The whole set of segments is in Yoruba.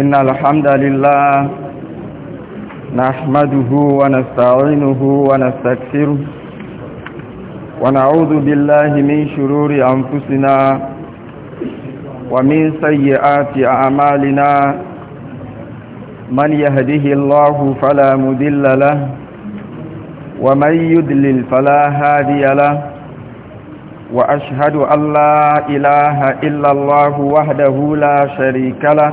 إن الحمد لله نحمده ونستعينه ونستكثره ونعوذ بالله من شرور أنفسنا ومن سيئات أعمالنا من يهده الله فلا مدل له ومن يدلل فلا هادي له وأشهد أن لا إله إلا الله وحده لا شريك له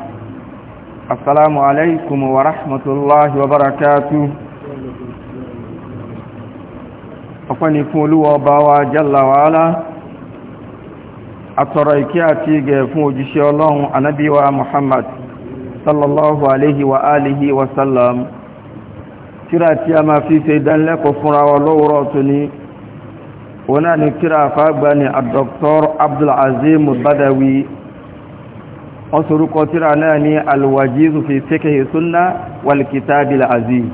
السلام عليكم ورحمة الله وبركاته أقني فولو وباوا جل وعلا أترأيكياتي جيفو جشي الله النبي ومحمد صلى الله عليه وآله وسلم تراتي ما في سيدان لك وفرا ولوراتني ونعني ترافا بني الدكتور عبد العزيم البدوي wọ́n sorúkọ tíra náà ní alwajizu fi fíkẹ̀ súnná walkitabil aziz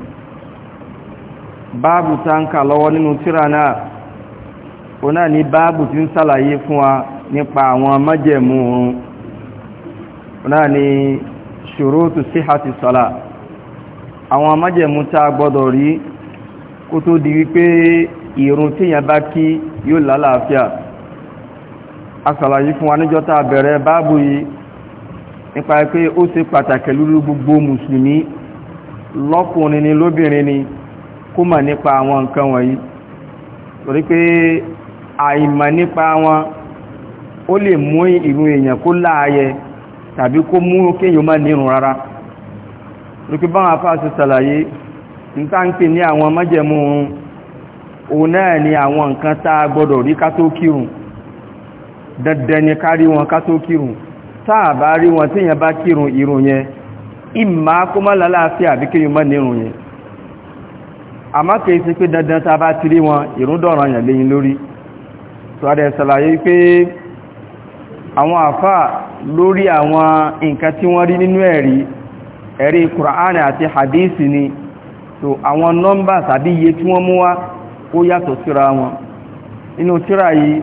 báàbù tá ń kà lọ́wọ́ nínú tíra náà o náà ní báàbù tí ń sàlàyé fún wa nípa àwọn májẹ̀mú oorun o náà ní ṣòrótù síhàtì sọ́lá àwọn májẹ̀mú tá gbọ́dọ̀ rí kó tó di nípa pé ó ṣe pàtàkì lórí gbogbo mùsùlùmí lọ́kùnrin ni lóbìnrin ni kó mọ̀ nípa àwọn nǹkan wọ̀nyí torí pé àìmọ̀ nípa wọn ó lè mú ìrun èèyàn kó láàyè tàbí kó mú kéèyàn má nírun rárá torí pé báwọn afá ṣe ṣàlàyé níta ń pè ní àwọn májẹ̀mú òun náà ni àwọn nǹkan tá a gbọ́dọ̀ rí ká tó kírun dandan ni ká rí wọn ká tó kírun táà bá rí wọn tí yẹn bá kírun irun yẹn ìmá kó má lálàáfíà bí kí yíò mọ́ nírun yẹn àmá kìí sí pé dandan tá bá ti rí wọn irun dọ̀rọ̀ yẹn léyìn lórí tọ́dẹ̀ ṣàlàyé pé àwọn àfà lórí àwọn nǹkan tí wọ́n rí nínú ẹ̀rí ẹ̀rí kùránì àti hadisi ni so àwọn nọ́mbà tàbí iye tí wọ́n mú wá ó yàtọ̀ síra wọn inú yìí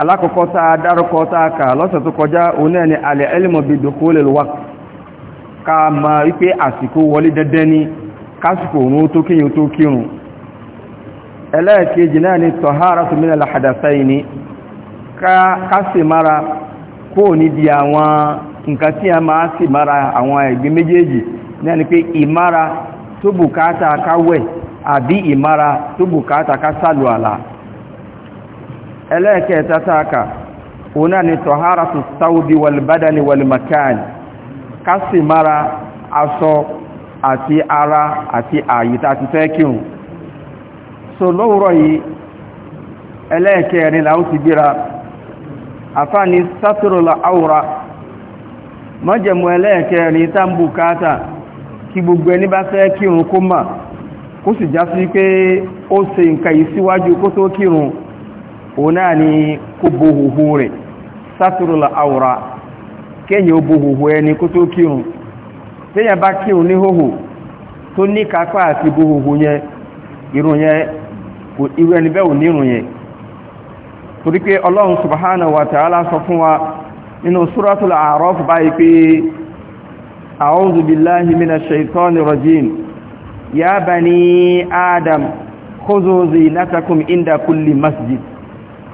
alákọ̀ọ́kọ́ tá a dárúkọ tá a lọ́sẹ̀ tó kọjá òun náà ni al-ilmu bi dukhulil waqt ká mọ̀ wípé àsìkò wọlé dẹ́dẹ́ ní kásìkò òun tó kíyàn tó kírun ẹlẹ́ẹ̀kejì ni taharatu minal hadathaini mara mara ni ká ẹlẹ́ẹ̀kẹta táàkà òun náà ni tọ̀háratu sáúdí wàlbádàní wàlmakan kasi mara aso ati ara àti àyíta ti fẹ́ kírùn so lówùrọ̀ yìí ẹlẹ́ẹ̀kẹrin láwọ́ ti gbíra àfáàní sátúrùlà áwùra mọ́jẹ̀mú ni tábùkátà kí gbogbo ẹni bá fẹ́ kírùn kó mà kó sì já sí pé ó ṣe nǹkan yìí síwájú kó tó kírùn òun náà ni kó bo huhu rẹ̀ sátúrùlà àwòrà kéèyàn ó bo huhu ẹni kó tó kírun téèyàn bá kírun ní hóhò tó ní kápá àti bo huhu yẹn irun yẹn kò irú ẹni bẹ́ẹ̀ ò nírun yẹn torí pé ọlọ́run subhanahu wa ta'ala sọ fún wa nínú suratul a'raf báyìí pé a'udhu billahi minash shaitanir rajim bani adam khudhu zinatakum inda kulli masjid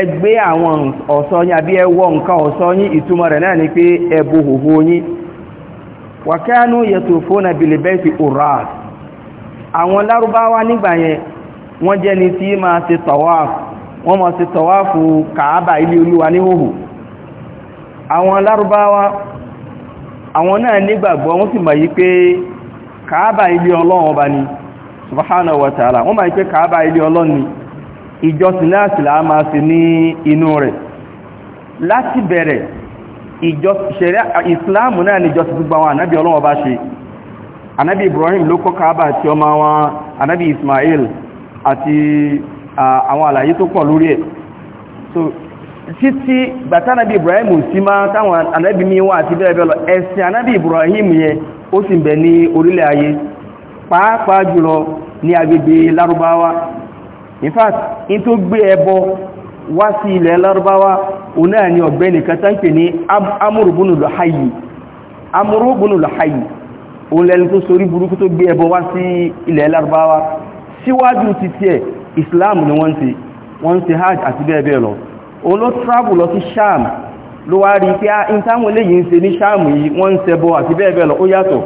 ẹgbẹ́ àwọn ọ̀ṣọ́ yín àbí ẹwọ́ nǹkan ọ̀ṣọ́ yín ìtumọ̀ rẹ̀ náà ni pé ẹbò hòhò yín wàkánú yẹ̀tò fóònà bilibẹ́ẹ̀tì orat àwọn lárúbáwá nígbà yẹn wọ́n jẹ́ni tí máa ṣe tọ̀wáàfù wọ́n máa ṣe tọ̀wáàfù ìjọsìn náà sì láà máa sí ní inú rẹ̀ láti bẹ̀rẹ̀ ìsìláàmù náà ni ìjọsìn gbogbo àwọn ànábì ọlọ́wọ́ bá ṣe ànábì Ibrahim ló kọ́ Káàbà àti ọmọ wọn ànábì Ismail àti àwọn àlàyé tó pọ̀ lórí ẹ̀ so títí gbàtánàbí Ibrahim sí máa táwọn ànábì mi wà àti bẹ́ẹ̀ bẹ́ẹ̀ lọ ẹ̀sìn ànábì Ibrahim yẹn ó sì ń bẹ ní orílẹ̀ ayé pàápàá jùlọ ní agbègbè Lárúbáwá in fact in tó gbé ẹbọ wá sí ilẹ̀ lárúbáwá òun náà ni ọ̀gbẹ́ni kan tán pè ní amúrùbùnù lọ́háyì amúrùbùnù lọ́háyì òun lẹ́ni tó sorí burúkú tó gbé ẹbọ wá sí ilẹ̀ lárúbáwá síwájú títí ẹ̀ islam ni wọ́n ṣe wọ́n ṣe hajj àti bẹ́ẹ̀ bẹ́ẹ̀ lọ òun ló travel lọ sí sham ló wá rí pé ìtàwọn ah, eléyìí ń ṣe ní sham yìí wọ́n ń ṣẹbọ àti bẹ́ẹ̀ bẹ́ẹ̀ lọ ó yàtọ̀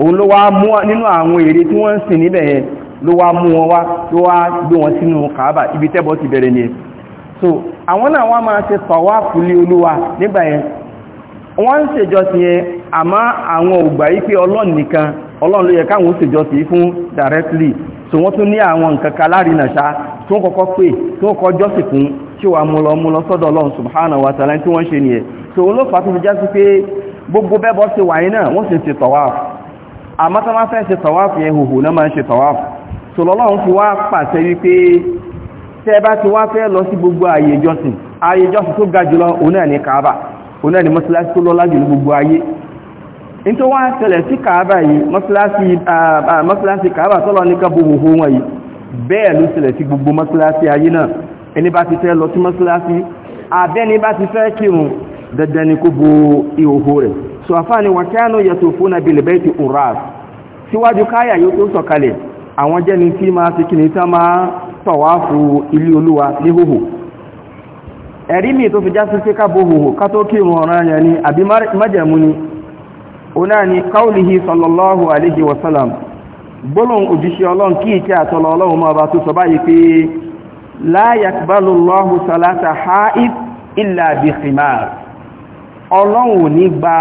òun ló wá mú nínú àwọn èrè tí wọ́n ń sìn níbẹ̀ ló wá mú wọn wá ló wá gbé wọn sínú kàábà ibi tẹ́bọ̀ ti bẹ̀rẹ̀ ni so àwọn náà wá máa ṣe tọ̀wáàfù lé olúwa nígbà yẹn wọ́n ń ṣèjọsìn yẹn àmọ́ àwọn ògbà yí pé ọlọ́run nìkan ọlọ́run ló yẹ káwọn ṣèjọsìn fún directly so wọ́n tún ní àwọn nǹkan kan lárinà ṣá tó ń kọ́kọ́ pè tó ń kọ́ jọ́sìn fún tí wà mú lọ sọ́dọ̀ ọlọ́run subhanahu wa ta'ala tí wọ́n ṣe nìyẹn so olófà tó fi já sí pé gbogbo bẹ́bọ́ sí wáyé náà wọ́n sì ṣe tọ̀wáàfù àmọ́ tó máa fẹ́ ṣe tọ̀wáàfù yẹn hòhò náà máa ń ṣe tọ̀wáàfù sọlọ́lọ́run fi wá pàṣẹ wípé tẹ́ bá ti wá fẹ́ lọ sí gbogbo ààyè ìjọsìn ààyè ìjọsìn tó ga jùlọ òun náà ní Kaaba òun náà ní mọ́sálásí tó lọ́lá jù ní gbogbo ayé ní tó wá ṣẹlẹ̀ sí Kaaba yìí mọ́sálásí Kaaba tọ́lọ ní ká gbogbo wọn yìí bẹ́ẹ̀ ló ṣẹlẹ̀ sí gbogbo mọ́sálásí ayé náà ẹni bá ti fẹ́ lọ sí mọ́sálásí abẹ́ni bá ti àwọn jẹ́ni tí máa ti kìnnì tán máa tọ̀wáfù ilé olúwa ní hòhò ẹ̀rí mi tó fi já sí pé hòhò ká tó kírun ọ̀ràn yẹn ni àbí májẹ̀mú ni oná ni káùlìhì sallallahu alaihi wasallam gbólóhùn òjíṣẹ́ ọlọ́run kí ìkẹ́ àtọlọ ọlọ́run la yakbalu Allahu salata haid illa bi khimar ọlọ́run ò ní gba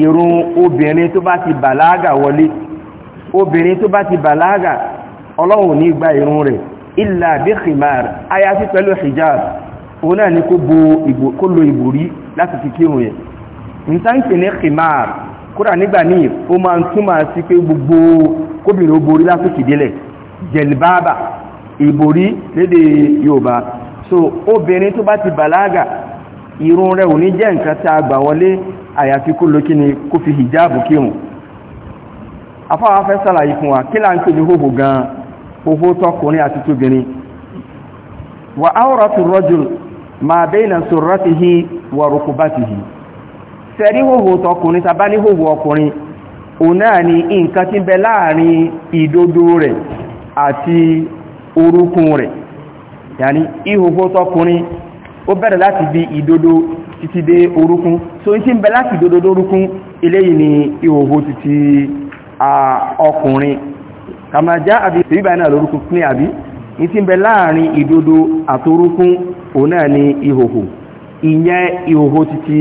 ìrun obìnrin tó bá obìnrin tó bá ti bàlágà ọlọ́run ní gba irun rẹ̀ illa bí khimar ayáfi pẹ̀lú hijab òun náà ni kó lo ìbòrí láti fi kírun yẹn ntáǹkì ní khimar kódà nígbà ní o máa ń túmọ̀ sí pé gbogbo kóbìnrin ó borí lásìkò ìdílẹ̀ jẹ̀lìbáàbà so obìnrin tó bá ti bàlágà irun rẹ̀ ò ní jẹ́ nǹkan tá a gbà afáwà fẹ́ sàlàyé fún wa kí là ń pè ní hóhò gan hóhò tọkùnrin àti tóbìnrin wà áwòrátù rọ́jùl ma bayna surratihi wà rukubatihi sẹ́rí hóhò tọkùnrin tàbá ní hóhò ọkùnrin òun náà ni nǹkan tí ń bẹ láàrin ìdodo rẹ̀ so ń tí ń bẹ láti ìdodo dórúkún eléyìí ni ihòhò títí ọkùnrin kàmájá àbí ìbá náà lórúkún ní àbí ìtí ń bẹ láàrin ìdodo àtorúkún òun náà ni ìhòhò ìyẹn ìhòhò títí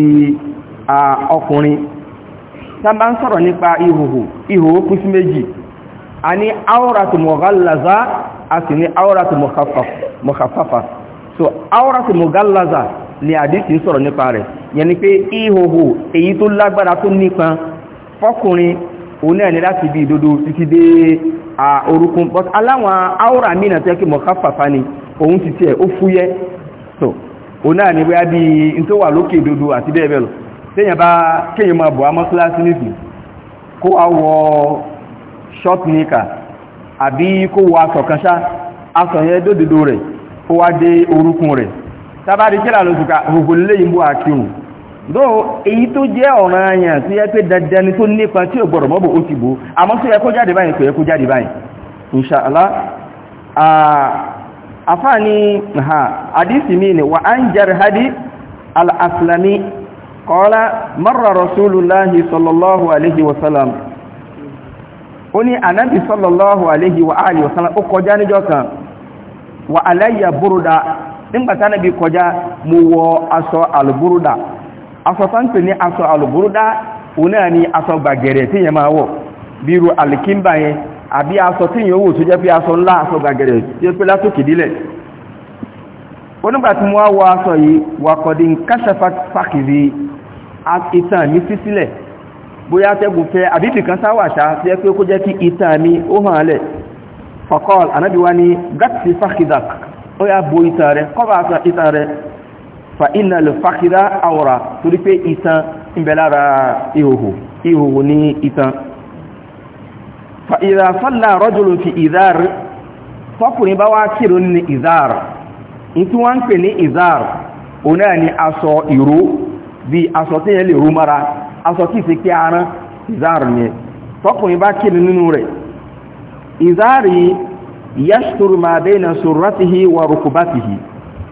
ọkùnrin sábà ń sọ̀rọ̀ nípa ìhòhò ìhòhò kú sí méjì a ní áwọ́ratu mọ̀gáláza a sì ní áwọ́ratu mọ̀kàfàfà ni àdíkì ń sọ̀rọ̀ nípa rẹ̀ yẹn ni pé ìhòhò èyí tó lágbára òun náà ni láti bí ìdodo títí dé orúkún but aláwọn aura mìíràn tẹ́ kí mọ̀ ni òun ti tẹ́ ó fúyẹ́ so òun náà ni wáyá bí n tó wà lókè ìdodo àti bẹ́ẹ̀bẹ́ẹ̀ lọ tẹ́yàn bá kéyàn máa bọ̀ amọ́síláṣí nìsìn kó a wọ short nika àbí kó wọ aṣọ kan ṣá aṣọ yẹn dódodo rẹ̀ ó wá dé orúkún rẹ̀ tábàdí kíra gbogbo lẹ́yìn bó a dó èyí tó jẹ́ ọ̀ràn àyàn tí yẹ pé dandan ni tó nípa tí ò gbọ́dọ̀ mọ́bò ó ti bò àmọ́ tó yẹ jáde báyìí kò yẹ jáde báyìí inṣàlá àfáàní ha àdísì mi ni wà án jẹ́ hadi al'aslami kọ́lá marra rasulullahi sallallahu alaihi wasallam ó ní sallallahu alaihi wasallam ó kọjá níjọ́ kan wà aláyà búrúdá nígbàtánàbí kọjá mú wọ aṣọ aṣọ táǹpẹ̀ ní aṣọ àlùbúrúdá òun náà ni aṣọ gbàgẹ̀rẹ̀ tí yẹn máa wọ̀ bíru alìkímbà yẹn àbí aṣọ tí yẹn wò tó jẹ́ pé aṣọ ńlá aṣọ gbàgẹ̀rẹ̀ tí ó pé látòkè dílẹ̀ onígbàtí mo wá wọ yìí wakọ̀dí ń káṣẹ fàkìrí ìtàn mi sí sílẹ̀ bóyá tẹ́gùn fẹ́ àbíbì kan sáwàṣá tí ẹ pé kó jẹ́ kí ìtàn mi ó hàn lẹ̀ fọkọ́l anábíwá ní gátì fàkìdàk ó fa iná lè fàkírá àwọ̀rà torí pé ìtàn ìbẹ̀ lára ihòhò ihòhò ní ìtàn fa ìràfàlà rọ́jùlù fi ìzáàr tọ́kùnrin bá wá kírò ní ìzáàr in tí wọ́n ń pè ní ìzáàr o náà ni aṣọ ìró bí aṣọ tí yẹn lè rú mara aṣọ kí sí kí ni tọ́kùnrin bá kírò nínú rẹ̀ ìzáàr yìí na sọ̀rọ̀tìhì wà rùkùbátìhì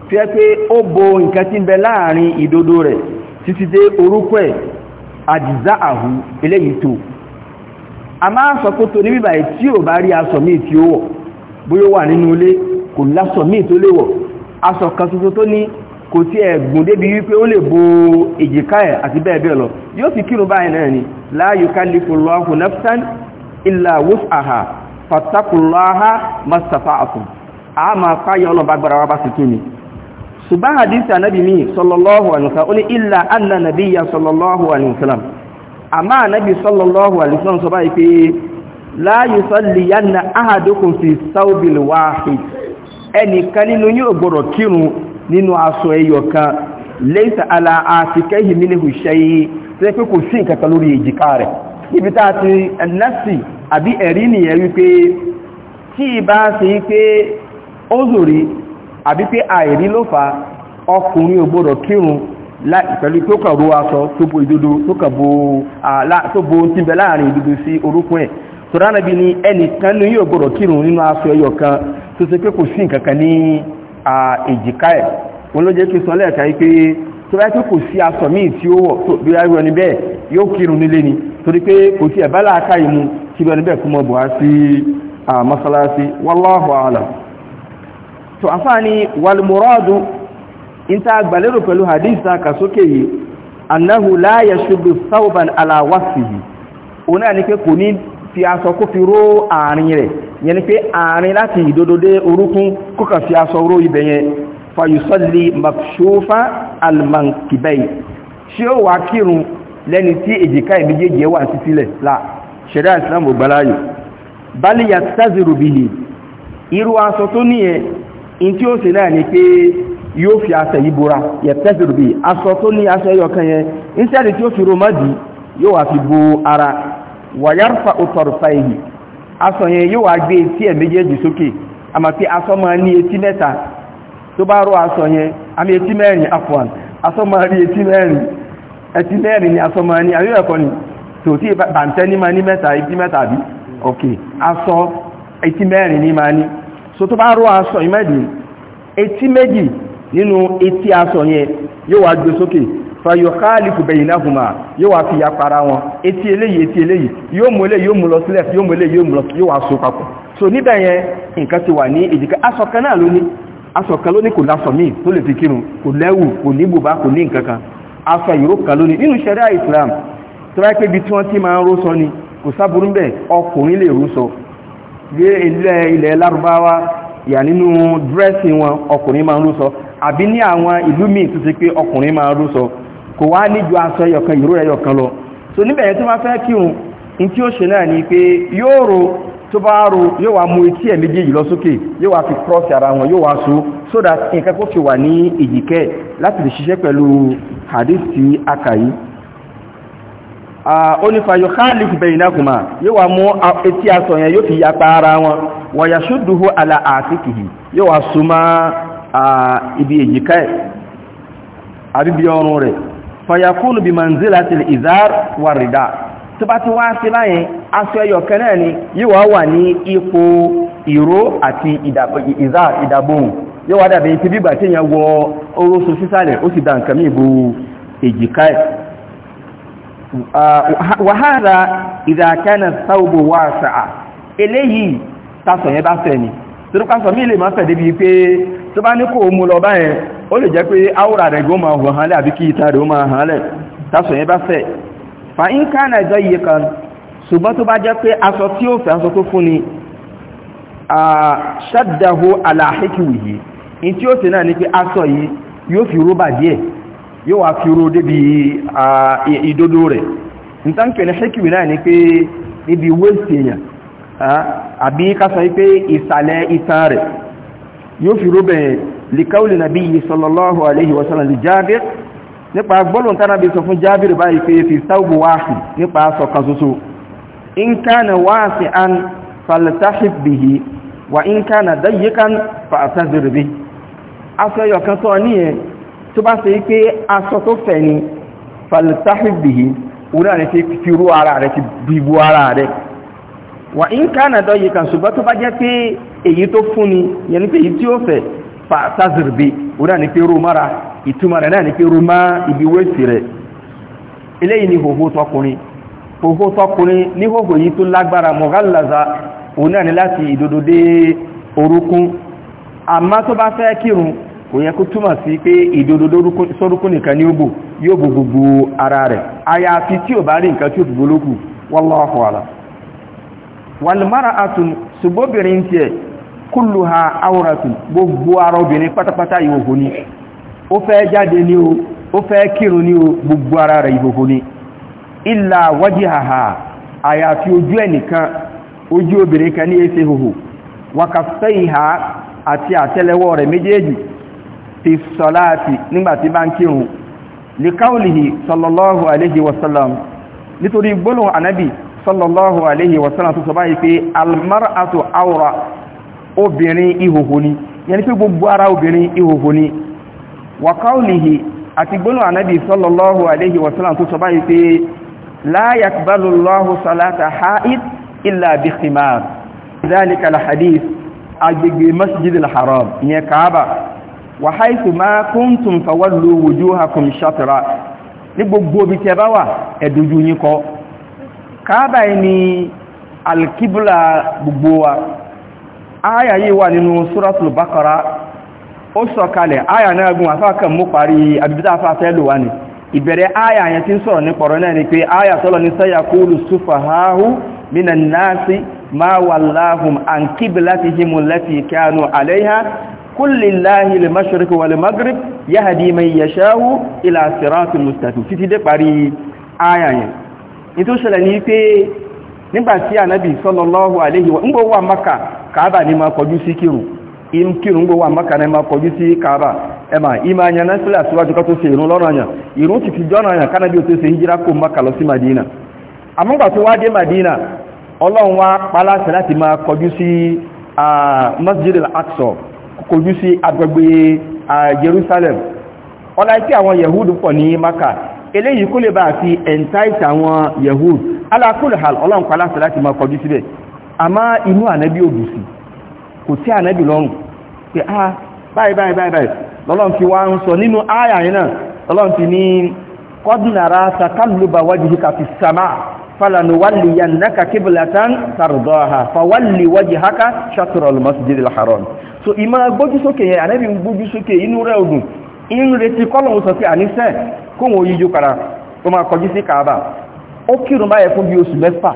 tí ẹ pé ó bo nǹkan tí ń bẹ láàrin ìdodo rẹ̀ títí dé orúkọ ẹ̀ àdìzá àhú eléyìí tó a máa sọ pé tó ní bíbà tí ò bá rí aṣọ míì tí ó wọ̀ bóyó wà nínú ilé kò lásọ míì tó lè wọ̀ aṣọ kan tuntun tó ní kò tí ẹ̀ gùn débi wípé ó lè bo èjìká ẹ̀ àti bẹ́ẹ̀ bẹ́ẹ̀ lọ yóò sì kírun báyìí náà ni la yukallifullahu nafsan illa wus'aha fattaqullaha mastata'tum a máa páyọ ọlọ́ba gbára wá bá sì kí ni ṣùgbọ́n hadith anabi mi sallallahu alaihi wasallam ó ní illa anna nabiyya sallallahu alaihi wasallam àmá anabi sallallahu alaihi wasallam sọ báyìí pé la yusalliyanna ahadukum fi thawbil wahid ẹnìkan nínú yín ò gbọdọ̀ kírun nínú aṣọ ẹyọ kan laysa ala atikaihi minhu shay ṣe pé kò sí àbí pé àìrí ló fa ọkùnrin ò gbọdọ̀ kírun pẹ̀lú tó kàn ro aṣọ tó bo ìdodo tó kàn bo tó bo tí bẹ láàrin ìdodo sí orúkún ẹ̀ tọ́rọ̀nà bí ní ẹnìkan ní yóò gbọdọ̀ kírun nínú aṣọ ẹyọ kan tó ṣe pé kò sí nǹkan kan ní èjìká ẹ̀ wọn ló jẹ́ kí sọ lẹ́ẹ̀ka pé tó bá tí kò sí aṣọ míì tí ó wọ̀ tó bí i rẹ̀ níbẹ̀ yóò kírun nílé ni torí pé kò sí ẹ̀bá láàká ìmú kí rẹ̀ níbẹ̀ kú mọ́ bọ̀ á sí mọ́sálásí wallahu a'lam to ni wal muradu inta agbalero pẹ̀lú haditha kasoke yi annahu la yashuddu thawban ala wasfihi ona ni pé kò ní fi aṣọ kó fi ró àárín rẹ̀ yẹn ni pé àárín láti ìdódódé orúkún kó fi aṣọ ró ibẹ̀ yẹn fa yusalli makshufa al mankibay ṣé ó wá kírun lẹ́ni tí èjìká ibijeje wà sísílẹ̀ la sharia islam ogbalayo bali yastaziru bihi irú aṣọ tó níyẹn in tí ó ṣe náà ni pé yóò fi aṣẹ yìí bora yẹ tẹ́sìrì bí aṣọ tó ní aṣọ ẹyọ kan yẹn instead tí ó fi roma dì yóò wà fi bo ara wàyárfà òtọ̀rọ̀fà èyí aṣọ yẹn yóò wà gbé etí ẹ̀ méjèèjì sókè àmà pé aṣọ máa ní etí mẹ́ta tó bá rọ aṣọ yẹn àmì etí mẹ́rin afọ́n aṣọ máa rí etí mẹ́rin etí mẹ́rin ni aṣọ máa ní àríwẹ̀kọ́ ni tòtí bàǹtẹ́ ní máa ní mẹ́ta etí mẹ́ta bí ok aṣọ etí mẹ́rin ní máa ní so tó bá rọ aṣọ ìmẹ́dì etí méjì nínú etí aṣọ yẹn yóò wá gbé sókè fayọ̀kálìkù bẹ̀yìnáhùnmá yóò wá fi yapara wọn etí eléyìí etí eléyìí yóò mú eléyìí yóò mú lọ sílẹ̀ yóò mú eléyìí yóò mú lọ yóò wá so papọ̀ so níbẹ̀ yẹn nǹkan ti wà ní èjìká aṣọ kan náà ló aṣọ kan ló kò lásọ míì tó lè fi kírun kò lẹ́wù kò ní bùbá kò ní nǹkan kan aṣọ ìró kan ló nínú ṣẹ̀ríà Islam tó ráyé pé ibi tí wọ́n ti máa ń ró ni kò sáburú bẹ́ẹ̀ ọkùnrin lè ró bí ilẹ̀ ilẹ̀ lárúbáwá yà nínú dírẹ́sì wọn ọkùnrin máa ń rúsọ àbí ní àwọn ìlú míì tó ti pé ọkùnrin máa ń rúsọ kò wá níjú aṣọ ẹyọkan ìró ẹyọkan lọ so níbẹ̀ yẹn tó máa fẹ́ kírun ní tí ó ṣe náà ni pé yóò ro tó bá ro yóò wá mú etí ẹ̀ méjèèjì lọ sókè yóò wá fi cross ara wọn yóò wá so so that nǹkan kó fi wà ní èjìkẹ́ láti lè ṣiṣẹ́ pẹ̀lú hadith tí a kà yìí onífàyò ah, khalif bẹ̀yìnákùnmá yóò wà mú ah, etí aṣọ yẹn yóò fi yapa ara wọn wọ̀yà ṣúdùhú àlà àtíkìhì yóò súnmọ́ ah, ibi èjìká ẹ̀ àbíbí ọrùn rẹ̀ fàyàkúnù bí manzila ti ìzár wà rìdá tó bá ti wá sí láyìn aṣọ ẹyọ kẹ́nẹ́ ni yóò wà wà ní ipò ìró àti ìzár ìdàbòhùn yóò wà dàbí ti bígbà wàhálà ìdàkẹ́nà sáwọ́bù wà sàá eléyìí tásọ̀ yẹn bá fẹ́ ni torípásọ̀ mí lè máa fẹ́ débi pé tó bá ní kò mú lọ báyẹn ó lè jẹ́ pé áwòrà rẹ̀ gómà hàn hànlẹ̀ àbí kí ìta rẹ̀ ó máa hànlẹ̀ tásọ̀ yẹn bá fẹ́ fa ń kánà jọ iye kan ṣùgbọ́n tó bá jẹ́ pé aṣọ tí ó fẹ́ aṣọ tó fún ni ṣádàhó aláhíkìwì yìí in tí ó sì náà ní pé aṣọ yìí yóò fi rúbà díẹ̀ yóò wá fi ró débi ìdodo rẹ̀ n tán pè ní ṣékìmì náà ni pé níbi wéèsì èèyàn àbí kásán wípé ìsàlẹ̀ ìtàn rẹ̀ yóò fi ró bẹ̀rẹ̀ lìkáwùlì nàbí sallallahu alaihi wasallam di jábìr nípa gbọ́lùn tánà bí sọ fún jábìr báyìí pé fi sáwùbù wáàsì nípa sọ̀kan soso in kana wáàsì an faltahib bihi wa in kana dayyikan fa asazir bihi aṣọ yọ̀kan sọ níyẹn tó bá ṣe pé aṣọ tó fẹ̀ ni falitahibihi orí àrẹ ti fi rú ara rẹ̀ ti bíbu ara rẹ̀ wà ń kánà dọ́yẹ kan ṣùgbọ́n tó bá jẹ́ pé èyí tó fún ni yẹn ní pé èyí tí ó fẹ̀ fa orí àrẹ pé rú mara ìtumọ̀ rẹ̀ náà ní pé rú má ibi wéṣì rẹ̀ eléyìí ni hòhó tọkùnrin hòhó tọkùnrin ní hòhó yìí tó lágbára mọ̀gálàza òun náà láti ìdodo dé orúkún àmá tó bá fẹ́ kírun kò yẹ kó túmọ̀ sí pé ìdodo sórúkú nìkan ní òbò yóò bò gbogbo ara rẹ̀ àyàfi tí ò bá rí nǹkan tí ò fi gbólókù wallahu ala wàlùmára àtùn ṣùgbọ́bìnrin tiẹ̀ kúlù ha áwòrátùn gbogbo ara obìnrin pátápátá ìhòhò ni ó fẹ́ jáde ní o ó fẹ́ kírun ní o gbogbo ara rẹ̀ ìhòhò ni ìlà wajhaha àyàfi ojú ẹnìkan ojú obìnrin kan ní ẹsẹ̀ ìhòhò wàkàfẹ́ ìhà àti àtẹ́lẹwọ́ rẹ̀ méjèèjì fi sọ́láàtì nígbàtí bá ń kírun lè káwòlìhì sallallahu alaihi wasallam nítorí gbólóhùn anábì sallallahu alaihi wasallam tó sọ báyìí pé almar'atu awra obìnrin ihòhò ni yẹni pé gbogbo ara obìnrin ihòhò ni wà káwòlìhì àti gbólóhùn anábì sallallahu alaihi wasallam tó sọ báyìí pé la yaqbalu Allahu salata ha'id illa bi khimar dhalika al wa haythu ma kuntum fawallu wujuhakum shatra ní gbogbo bí tẹ́ bá wà ẹ dojú yín kọ Kaaba ni al-qibla gbogbo wa aya yìí wà nínú suratul baqara ó sọ̀kalẹ̀ aya náà gùn afákan mú parí abibita afáfẹ́ lò wá ní ìbẹ̀rẹ̀ aya yẹn tí ń sọ̀rọ̀ ní pọ̀rọ̀ náà ni pé aya tọ́lọ ní sayaqulu sufahaahu minan nasi ma wallahum an qiblatihim allati kanu alaiha كل الله المشرق والمغرب يهدي من يشاء الى صراط مستقيم títí dé parí aya yẹn nto ṣẹlẹ̀ ní pé nígbà tí sallallahu alaihi wa ngo Kaaba ni ma kọjú kiru im kiru ngo ni ma Kaaba ẹ ma imanya na sila síwájú ká tó ṣe ìrun lọ́nà yan ìrun ti jona yan kana hijira ko Madina Madina ma aqsa kojú sí agbègbè Jerusalem ọlá tí àwọn Yehud pọ̀ ní Maka eléyìí kó lè bá fi entice àwọn Yehud alákùnlẹ̀hàl ọlọ́nkọ́ aláṣẹ láti máa kọjú síbẹ̀ àmá inú ànábí òbùsì kò tí ànábì lọ́rùn pé a ah, báyìí báyìí báyìí lọ́lọ́n fi náà lọ́lọ́n fi ní kọ́dùnàrà sàkálùbà wajhika fi sàmà falanuwalliyannaka qiblatan so ìmá gbójú sókè yẹn ànábì ń gbójú sókè inú rẹ̀ ogun inú retí kọ́lọ̀un sọ sí àníṣẹ́ kóhun oyíjú kara tó máa kọjú sí kàábà ó kírun báyẹ̀ fún bí oṣù mẹ́fà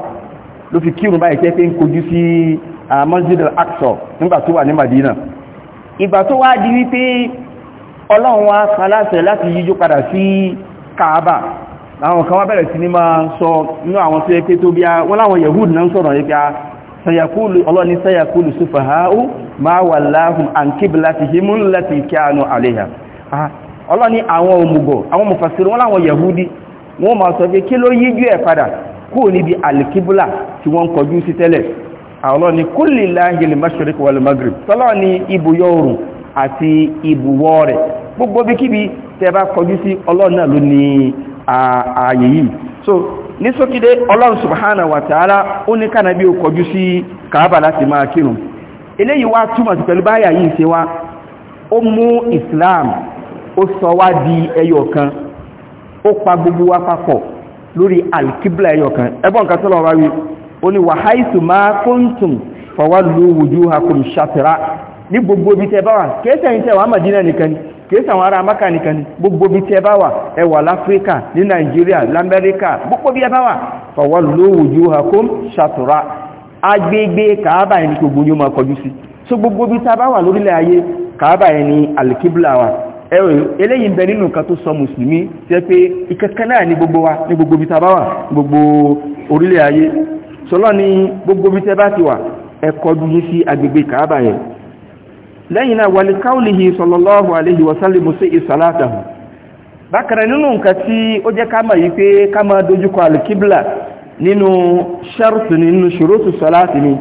ló fi kírun báyẹ̀ tẹ́ pé ń kọjú sí masjid al-aqsa nígbà tó wà ní madina ìgbà tó wá di wípé ọlọ́run wá paláṣẹ láti yíjú padà sí kàábà àwọn kan wá bẹ̀rẹ̀ sí sayakulu Allah ni sayakulu sufahau ma wallahum an qiblatihim allati kanu alaiha ah Allah ni àwọn òmùgọ̀ àwọn mufassir wọ́n làwọn yahudi wọ́n ma sọ pé kí ló yíjú ẹ̀ padà kò ní al-qibla tí wọ́n kọjú sí tẹ́lẹ̀ ah, Allah ni kulli lahi al-mashriq wal maghrib Allah ni ibùyọ oòrùn àti ibùwọ̀ rẹ̀ gbogbo bí kíbi tẹ́ bá kọjú sí Allah náà ló ni ah, ààyè yìí so ní sókídé ọlọ́run subhanahu wa ta'ala ó ní kánàbí ó kọjú sí kàábà láti máa kírun eléyìí wá túmọ̀ sí pẹ̀lú báyà yìí ṣe wá ó mú islam ó sọ wá di ẹyọ kan ó pa gbogbo wa papọ̀ lórí alkibla ẹyọ kan ẹgbọ́n kan sọ́lọ́ wá wí ó ní wa haythu ma kuntum fawallu wujuhakum shatra ní gbogbo ibi tẹ́ bá wà kéèsẹ̀ yìí wà á Mádínà nìkan kìí sàwọn ará maka nìkan ni gbogbo bí tí ẹ bá wà ẹ wà láfíríkà ní nàìjíríà lamẹ́ríkà gbogbo bí ẹ bá wà fawallu wujuhakum shatra agbègbè kàábà ẹni gbogbo yóò máa kọjú sí so gbogbo bí tá bá wà lórílẹ̀ ayé kàábà ẹni alkibla wa ẹ̀rọ eléyìí ń bẹ nínú nǹkan tó sọ mùsùlùmí wa ní gbogbo bí tá bá wà gbogbo orílẹ̀ ayé sọlọ́ ni gbogbo bí tẹ́ bá ti wà sí agbègbè kàábà yẹn lẹ́yìn náà wà ní káwùlìhì sọlọ́lọ́hù aléhì wàsálìmù sí ìsàlátàhù bákanrẹ̀ nínú nǹkan tí ó jẹ́ káàmà yìí pé káàmà dojúkọ alìkíblà nínú ṣẹ́rùtù nínú ṣòrótù sọláàtì ni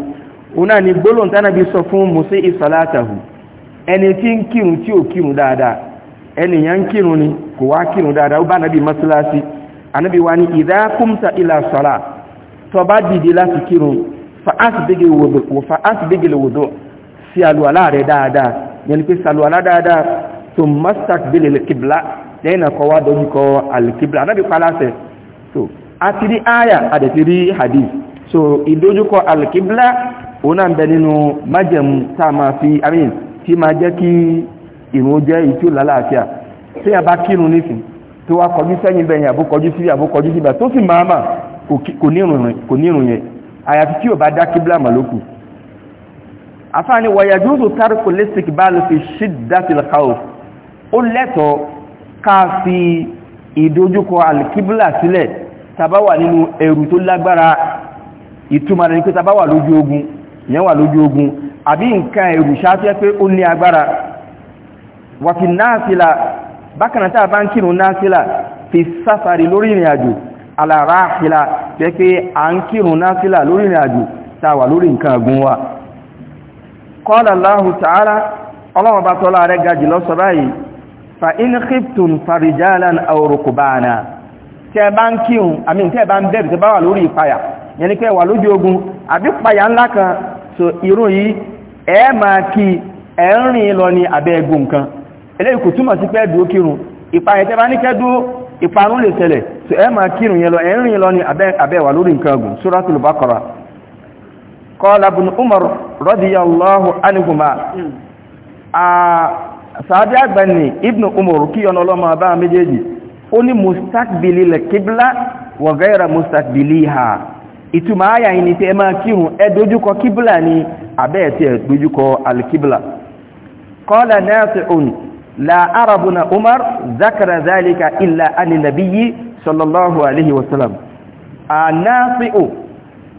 ó náà ni gbólóhùn tánàbí sọ fún mùsí ìsàlátàhù ẹni tí sí alùwàlá rẹ̀ dáadáa yẹn pé sàlùwàlá dáadáa tó mastak bí lè kìbìlá lẹ́yìn náà kọ́ wá dojúkọ alìkìbìlá paláṣẹ so a ti rí àyà àdẹ̀tí rí hadith so ìdojúkọ alìkìbìlá òun náà ń bẹ nínú májẹ̀mú tá a máa fi amín tí máa jẹ́ kí ìrun jẹ́ ìtú lálàáfíà tí a bá kírun nísìn tó wá kọjú sẹ́yìn bẹ̀yìn àbúkọjú sí àbúkọjú síbà tó sì máa mà kò ní yẹn àyàfi tí ò bá dá kíbìlá màlókù afáàní wàyàjúzù tárùkù lẹ́sìkì bá lè fi ṣídàtìl khawf ó lẹ́tọ̀ ká fi ìdojúkọ alkibla sílẹ̀ tàbáwà nínú ẹ̀rù tó lágbára ìtumà rẹ̀ ní pé tàbáwà lójú ogun ìyẹn wà lójú ogun àbí nǹkan ẹ̀rù ṣáfẹ́ pé ó ní agbára wàfi náàfilà bákanátà bá ń kírun náàfilà fi sáfàrí lórí ìrìn alára àfilà pẹ́ pé à ń kírun náàfilà lórí ìrìn tàwà lórí nǹkan àgún qala Allahu ta'ala ọlọ́wọ́ bá tọ́lá rẹ̀ gajì lọ́sọ báyìí fa in khiftum farijalan aw rukbana tẹ́ bá ń kíhùn àmì tẹ́ bá ń bẹ̀rù tẹ́ bá wà lórí ìpayà yẹni pé wà lójú ogun àbí payà ńlá kan so irú yìí ẹ máa kí ẹ ń rìn lọ ní abẹ́ egun nǹkan eléyìí kò túmọ̀ sí pé dúó kírun ìpayà tẹ́ bá ní kẹ́ dúó ìparun lè ṣẹlẹ̀ so ẹ máa kírun yẹn lọ ẹ ń rìn lọ ní abẹ́ wà lórí nǹkan ogun Suratul Baqara قال ابن عمر رضي الله عنهما sàábí àgbà ní ibn umar kí ọ̀nà ọlọ́mọ bá méjèèjì ó ní mustakbili lẹ́kíblá wa ghayra mustakbili ha ìtumọ̀ ayà yìí ni tẹ́ máa kírun ẹ dojúkọ kíblà ní abẹ́ ẹ̀ tí ẹ dojúkọ alkíblà qala nafi'un la arabuna umar zakara zalika illa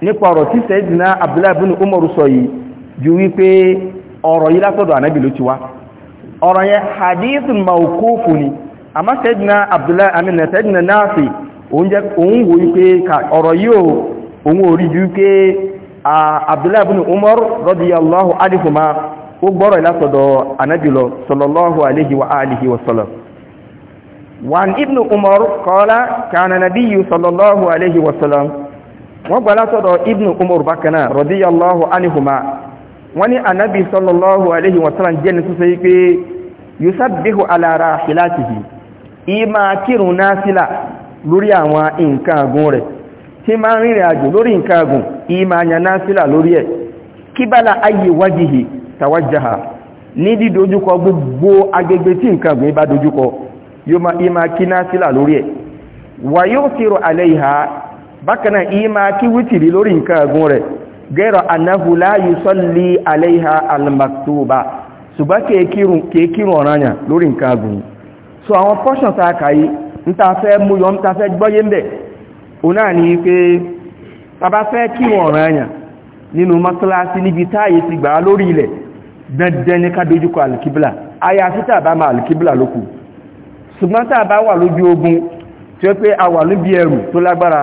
nípa ọ̀rọ̀ tí sẹ́dìnà Abdullahi ibn Umaru sọ yìí ju wípé ọ̀rọ̀ yìí látọ̀dọ̀ ànábì ló ti wá ọ̀rọ̀ yẹn hadithun mawqufu ni àmá sẹ́dìnà Abdullahi amina sẹ́dìnà Nafi òun wò wípé ọ̀rọ̀ yìí òun ò rí ju wípé Abdullahi ibn Umar radiyallahu anhuma ó gbọ́rọ̀ látọ̀dọ̀ ànábì lọ sallallahu alayhi wa alihi وعن ابن عمر قال كان نبي صلى الله عليه وسلم wọ́n gbà látọ̀dọ̀ ibn umar bakana radiyallahu anihuma wọ́n ní annabi sallallahu alaihi wasallam jẹ́ni tó sọ pé yusabbihu ala rahilatihi ima kirun nafila lórí àwọn nǹkan agun rẹ̀ tí máa rìnrìn àjò lórí nǹkan agun ima yan lori lórí ẹ̀ kíbálà ayé wájìhì tàwájáha gbogbo agbègbè tí nǹkan agun bá dojúkọ yóò kí lórí ẹ̀ wà yóò ìhà bákaná ìmá kí wítìrí lórí nǹkan ẹ̀gùn rẹ̀ gẹ́rọ anáhùlá yusalli aléha almaktuba ṣùgbọ́n kéèkìrùn ọ̀ranyà lórí nǹkan ẹ̀gùn so àwọn pọ́ṣọ̀ ta kàyí ń ta fẹ́ múyọ ń ta fẹ́ gbọ́yé ń bẹ̀ ni pé tàbá fẹ́ kírùn ọ̀ranyà nínú mọ́sálásí níbi táyé ti gbà lórí ilẹ̀ dandan ní ká dojúkọ alkibla àyàfi tàbá ma alkibla lókù ṣùgbọ́n tàbá wà lójú ogun tí ó pé a wà lóbi ẹrù tó lágbára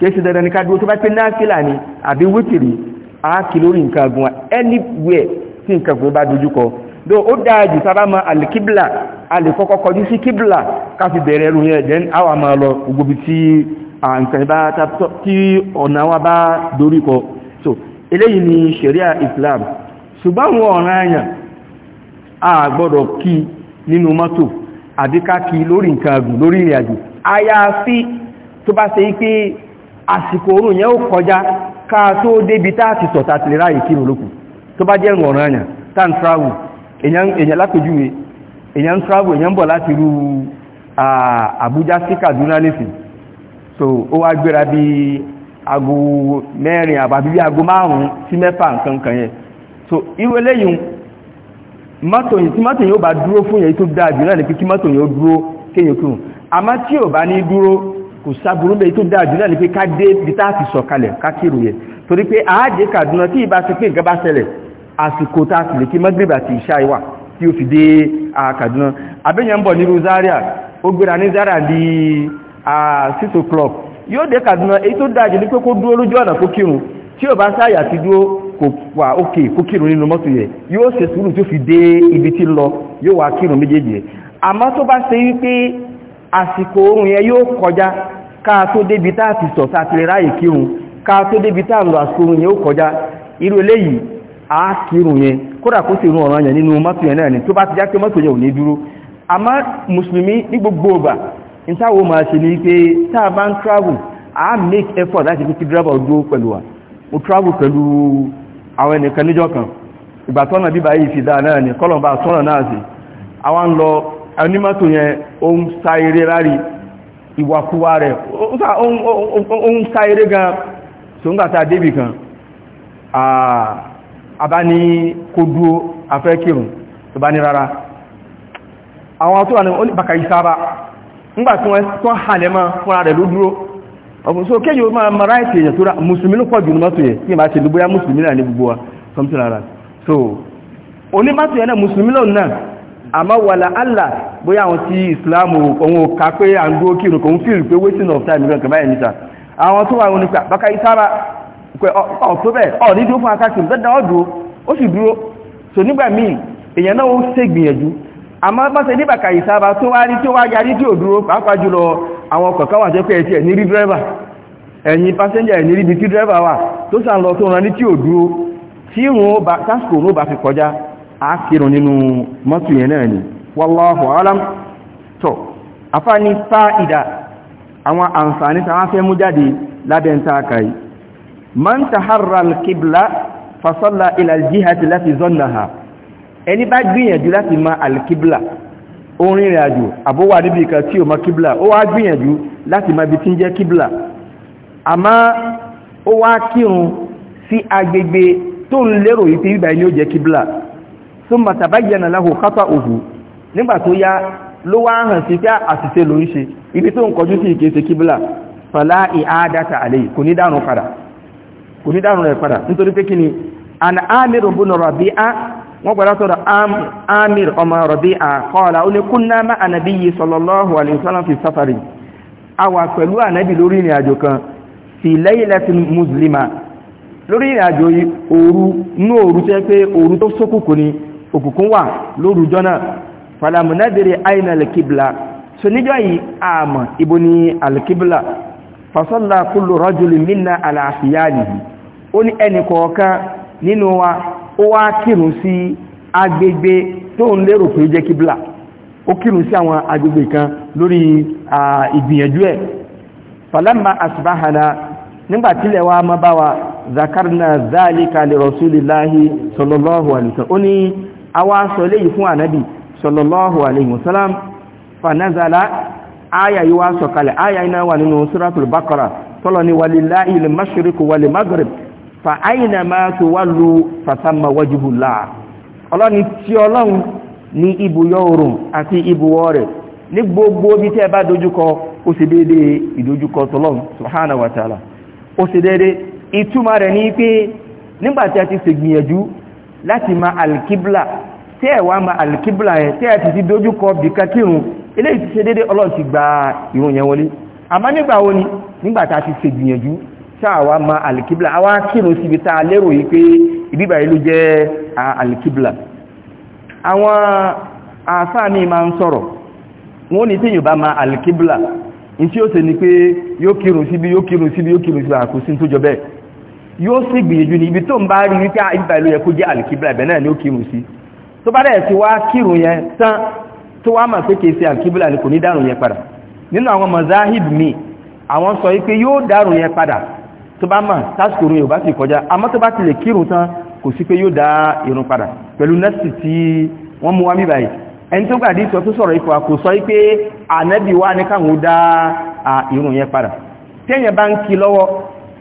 kèsì dandan ní kádúró tó bá pé náàfílà ni àbí wítìrì àákì nǹkan agun anywhere tí nǹkan agun bá dojúkọ tó ó dáájù sábà ma alìkíblà alìkọ́kọ́ kọjú sí kíblà káfí bẹ̀rẹ̀ ẹrù yẹn then àwa máa lọ gbogbo tí nǹkan bá tí ọ̀nà wa bá dorí kọ so eléyìí ni sharia islam ṣùgbọ́n àwọn ọ̀ràn àyàn a gbọ́dọ̀ kí nínú mọ́tò àbíká kí lórí nǹkan agun lórí ìrìn àjò àyàfi tó bá ṣe pé àsìkò orun yẹn ó kọjá ká tó débi tá ti sọ̀tà ti lè ráyè kírun lókù tó bá jẹ́ ọ̀ràn àyàn tá travel èyàn lápèjúwe èyàn travel èyàn bọ̀ láti rú Àbújá sí Kaduna lẹ́sìn so ó wá gbéra bí aago mẹ́rin àbàbí bí márùn-ún sí mẹ́fà nǹkan yẹn so irú eléyìí mọ́tò yìí tí mọ́tò yìí ó bá dúró fún yẹn tó dáa kò sáburú bẹ́ẹ̀ tó dáa jù náà ni pé ká dé bítá ti sọ̀kalẹ̀ kákìrù yẹ torí pé àádé Kàdúnà tí ìbá ti pé nǹkan bá ṣẹlẹ̀ àsìkò tá a sì lè kí mọ́gbìbà ti ìṣá ìwà tí ó fi dé Kàdúnà abẹ́yẹn ń bọ̀ nírú Zaria ó gbéra ní Zaria di six o'clock yóò dé Kàdúnà èyí tó dáa jù ní pé kó dúró lójú ọ̀nà kó kírun tí ò bá sáyà ti dúró kò wà òkè kó kírun nínú mọ́tò yẹ yóò ṣe sùúrù tó fi dé ibi tí lọ yóò wá kírun méjèèjì àmọ́ tó bá ṣe wípé àsìkò oorun yẹn yóò kọjá káà tó débi tá àti sọ sátìlẹ̀ ráyè kírun káà tó débi tá àlọ́ àsìkò ó kọjá irú eléyìí á kírun yẹn kódà kó sì rún ọ̀ràn yẹn nínú mọ́tò yẹn náà ni tó bá ti já mọ́tò yẹn ò ní dúró mùsùlùmí ní gbogbo máa ṣe ní pé tá a bá ń travel a make effort láti fi dúró pẹ̀lú wa o travel onímọ́tò yẹn ó ń sá eré rárí ìwàkúwà rẹ̀ gan so ń gàtà débì kan dúó afẹ́ kírùn tó bá ní rárá àwọn tó wà ní oníbàkà ìsára ńgbàtí wọ́n tán hàlẹ̀ máa fúnra rẹ̀ ló dúró ọkùn kéyò máa mara ètè èyàn tó rá musulmi ló pọ̀jù mọ́tò gbogbo wa something like that so onímọ́tò na. náà musulmi àmọ́ Allah bóyá àwọn tí Islam òun ká pé à ń dúó kírùn kòun fíìrì pé wasting of time nǹkan báyìí níta àwọn tó wà wọn nípa baka isára pẹ̀ ọ ọ̀ ní fún akáṣù dẹ́dà ọ̀ ó sì dúró so nígbà míì èèyàn náà ó ṣe gbìyànjú àmọ́ bá ní baka isára tó wá rí tó wá yarí tí ò dúró pàápàá jùlọ àwọn jẹ́ pé ẹ̀ tí ẹ̀ ní rí dírẹ́bà ẹ̀yìn àákìrò nínú mọ́tò yẹn náà ni wallahu alam tọ́ afá ní fáìdà àwọn àǹfààní tàwọn fẹ́ mú jáde lábẹ́ ń tààkà yìí man taharra al-qibla fasalla ila al-jihati ẹni bá gbìyànjú láti ma alkibla, qibla orin rẹ̀ àjò àbówà níbi ìkà tí o ma qibla ó wá gbìyànjú láti ma bi tí ń jẹ́ qibla àmá ó wá kírun sí agbègbè tó ń lérò yìí tí bíbá ẹni ó jẹ́ qibla thumma tabayyana lahu khata'uhu nígbà tó yá ló wá hàn sí pé àṣìṣe ló ń ṣe ibi tó ń kọjú sí ìkéṣe kíbílà fala i'adata alayhi kò ní dànù padà kò ní dànù rẹ̀ padà nítorí pé kíni an amir ibn rabi'a wọ́n gbọ́dá sọ́dọ̀ amir ọmọ rabi'a qala ó ní kunna ma'a nabiyyi sallallahu alayhi wa sallam fi safari a wà pẹ̀lú ànábì lórí ìrìn àjò kan fi laylatin muslima lórí ìrìn àjò òru ní òru tẹ́ pé òru tó ṣókùnkùn ni òkùnkùn wà lóru jọ́nà falamunadiri aina alkibla so níjọ́ yìí àmà ibo ni alkibla fasalla minna ala ahyalihi ó ní ẹnì kọ̀ọ̀kan nínú wa ó wá kírun sí agbègbè tó ń lérò pé jẹ́ kibla ó kírun sí àwọn agbègbè kan lórí ìgbìyànjú ẹ̀ falamma nígbàtílẹ̀ wa ma bá wa zakarna zalika ó àwa sọ léyìí fún ànábì sallallahu alayhi wa sallam fanazala aya yìí wá sọ̀kalẹ̀ aya iná wà nínú suratul baqara tọ́lọ ni walillahi al-mashriqu wal-maghrib fa aina ma tuwallu fa thamma wajhullah ọlọ́ni tí ọlọ́run ní ibùyọ oòrùn àti ibùwọ̀ rẹ̀ ní gbogbo bí tẹ́ bá dojúkọ ó sì dédé ìdojúkọ tọ́lọ́run subhanahu wa ta'ala ó sì dédé ìtumà rẹ̀ ní pé nígbàtí a ti láti ma alkibla tí ẹ wá ma alkibla ẹ tí ẹ ti fi dojú kọ bìkan kírun eléyìí ti ṣe déédéé ọlọ́run ti gba ìrun yẹn wọlé àmọ́ nígbà wo ni nígbà tá a ti ṣègbìyànjú sáà wá ma alkibla àwa kírun síbi tá a lérò yìí pé ìbíbà yìí jẹ́ alkibla àwọn àfáàmì máa ń sọ̀rọ̀ wọ́n ní tíyàn bá ma alkibla ní tí ó ṣe ni pé yóò kírun síbi yóò kírun síbi yóò kírun síbi àkósí tó jọ bẹ́ẹ̀ yóò sì gbìyànjú ní ibi tó ń bá rí wípé ah, ìgbà ìlú yẹ kó jẹ́ alìkíbla ẹ̀bẹ̀ náà ni ó kírun sí tó bá dẹ̀ sí wá kírun yẹn tán tó wá mà pé kìí ṣe ni kò ní dárùn yẹn padà nínú àwọn mazahib mi àwọn sọ wípé yóò dárùn yẹn padà tó bá mà tásìkò orun yóò bá sì kọjá àmọ́ tó bá ti lè kírun tán kò sí pé yóò dá irun padà pẹ̀lú nẹ́sì tí wọ́n mú wá mí báyìí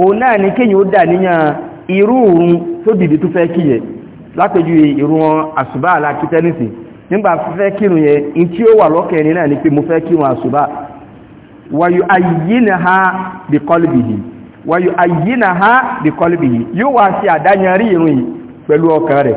òun náà ni kéyìn ó dà níyàn irú òun tó dìde tó fẹ́ kí yẹ lápẹjú ìrun àsùbá alákítẹ́nìsì nígbà fẹ́ kírun yẹ in tí ó wà lọ́kẹ̀ náà ni pé mo fẹ́ kírun àsùbá wàyù àyínà ha bí kọlùbìhì wàyù ha bí kọlùbìhì yóò wá sí àdáyanrí ìrun yìí pẹ̀lú ọkàn rẹ̀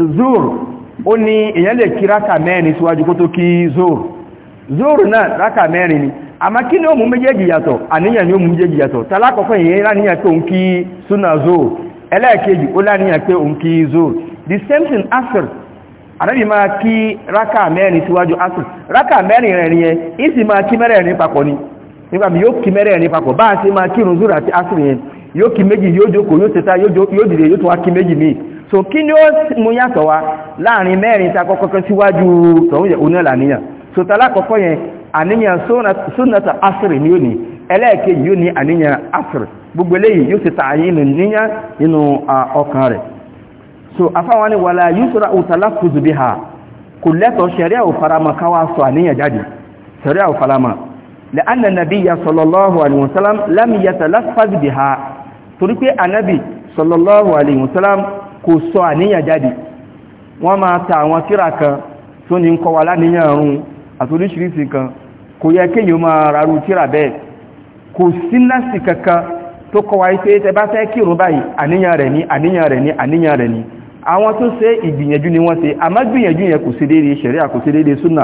zuhur ó ní èyàn lè kí rákà mẹ́rin síwájú kó tó kí zuhur zuhur náà rákà mẹ́rin ni àmá kí ni ó mú méjèèjì yàtọ̀ àníyàn ni ó mú méjèèjì yàtọ̀ talákọ̀ọ́kọ́ èyàn láníyàn pé òun kí súnà zuhur ẹlẹ́ẹ̀kejì ó láníyàn pé òun kí the same thing asr ànábì máa kí rákà mẹ́rin síwájú asr rákà mẹ́rin rẹ̀ nìyẹn ìsì ni nígbà mi yóò kí mẹ́rẹ̀ẹ̀rin papọ̀ bá a ṣe máa kírun zuhur àti asr yẹn yóò kí méjì yóò jókòó yóò tẹ́ta yóò dìde yóò tún wá kí méjì míì so kí ni ó mú yàtọ̀ wá láàrin mẹ́rin ta kọ́kọ́kọ́ síwájú tọ̀húnjẹ̀ onílà níyàn so tọ́lá kọ́kọ́ yẹn àníyàn sunnata asiri ni ó ní ẹlẹ́ẹ̀kejì yóò ní àníyàn asiri gbogbo eléyìí yóò ti tààyí níyàn nínú ọkàn rẹ̀ so afáwọn ni wàlá yusra utala kuzubi ha kò lẹ́tọ̀ sẹ̀ríà òfarama káwá sọ àníyàn jáde sẹ̀ríà òfarama lẹ́ànà nàbíyà sallallahu alaihi wasallam lam biha torí pé sallallahu alaihi wasallam kò sọ àníyàn jáde wọ́n máa ta àwọn tírà kan tó ní ń kọ́ wa láníyàn ọ̀run àtoríṣiríṣi kan kò yẹ kéèyàn máa rarú tírà bẹ́ẹ̀ kò sí násì kankan tó kọ́ wa ife tẹ bá fẹ́ kírun báyìí àníyàn rẹ̀ ní àníyàn rẹ̀ ní àníyàn àwọn tó ṣe ìgbìyànjú ni wọ́n ṣe àmọ́ gbìyànjú yẹn kò sí déédéé ṣẹ̀ríà kò sí déédéé súnà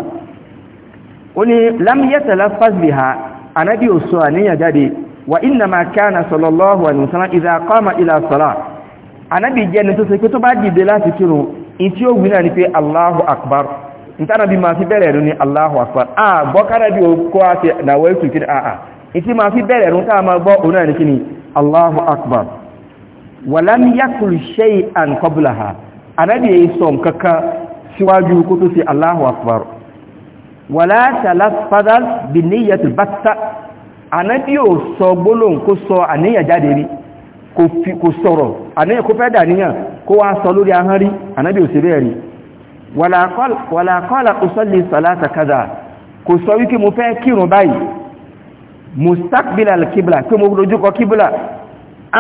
ó ní lámìyẹ́tẹ̀lá fásbìhà anábì ò sọ àníyàn jáde wà ìnàmà kánà sallallahu alaihi wasallam idha qama ila salah anábì jẹ́ ni tó ṣe pé tó bá dìde láti kírun in tí ó wí náà ni pé Allahu Akbar ìtànàbí ma fi bẹ̀rẹ̀ ẹ̀rùn ni Allahu Akbar a gbọ́ kánàbí o kọ́ àti nàwọ́ ètò kí àà ìtí ma fi bẹ̀rẹ̀ ẹ̀rùn táà ma gbọ́ òun náà ni Allahu Akbar walam yakul shay'an qablaha anábì yìí sọ nǹkankan síwájú kó Allahu Akbar wàlá tàlàfàdà bí níyàtì bàtà anábì yóò sọ gbólóhùn kó sọ àníyàn kò fi kò sọ̀rọ̀ àníyàn kó fẹ́ dàníyàn kó wá sọ lórí ahọ́n rí ànábì ò sí bẹ́ẹ̀ rí wàlàkọ́lá kò sọ́lé sọ̀láta kaza kò sọ wípé mo fẹ́ kírun báyìí mustakbila alkibla pé mo lójúkọ kíbla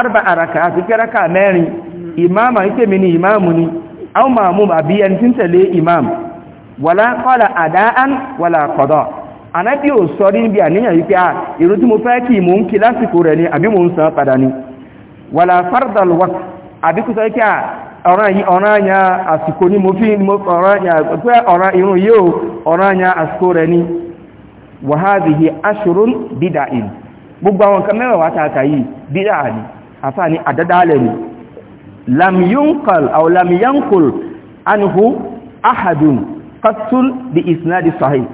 arba araka àti kẹ́ráka mẹ́rin ìmáàmà ń tèmi ni ìmáàmù ni àwọn màmú àbí ẹni tí ń tẹ̀lé ìmáàm wàlàkọ́lá àdáán wàlàkọ́dọ̀ ànábì ò sọ rí níbi àníyàn wípé à èrò tí mo fẹ́ kí mò ni wàlà fardal waqt àbí kò sọ pé ọ̀rọ̀ àyà àsìkò ní mo fi ọ̀rọ̀ irun yóò ọ̀rọ̀ àyà àsìkò rẹ̀ ni wàhádìí aṣòrún bídà in gbogbo àwọn kan mẹ́wàá wátàkà yìí bídà ni àfà ní àdádálẹ̀ ni lam yunkal aw lam yankul anhu ahadun qattun bi isnadi sahih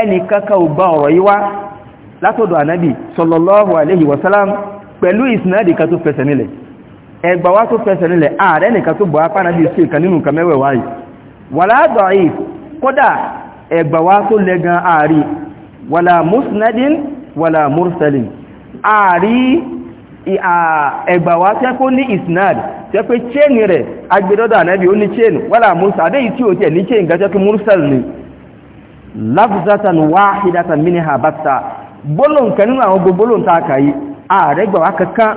ẹni kaka ò ọ̀rọ̀ yìí látọ̀dọ̀ pẹ̀lú ìsìnàdì kan tó fẹsẹ̀ nílẹ̀ ẹgbà wá tó fẹsẹ̀ nílẹ̀ ààrẹ nìkan tó bọ̀ apá nàbí sí ìkan nínú nǹkan mẹ́wẹ̀wá yìí wàlá dọ̀ọ̀yì kódà ẹgbà wá tó lẹ́gan ààrí wàlá musnadin wàlá mursalin ààrí ẹgbà wá tẹ́ kó ní ìsìnàdì tẹ́ pé chéènì rẹ̀ agbẹ́dọ́dọ̀ ànábì ó ní chéènì wàlá musa adé yìí tí ó tẹ̀ ní chéènì gajẹ́ pé mursal ni lafzatan wahidatan minha batta gbólóǹkan nínú àwọn gbogbo gbólóǹta kàyí ààrẹ gbà wá kankan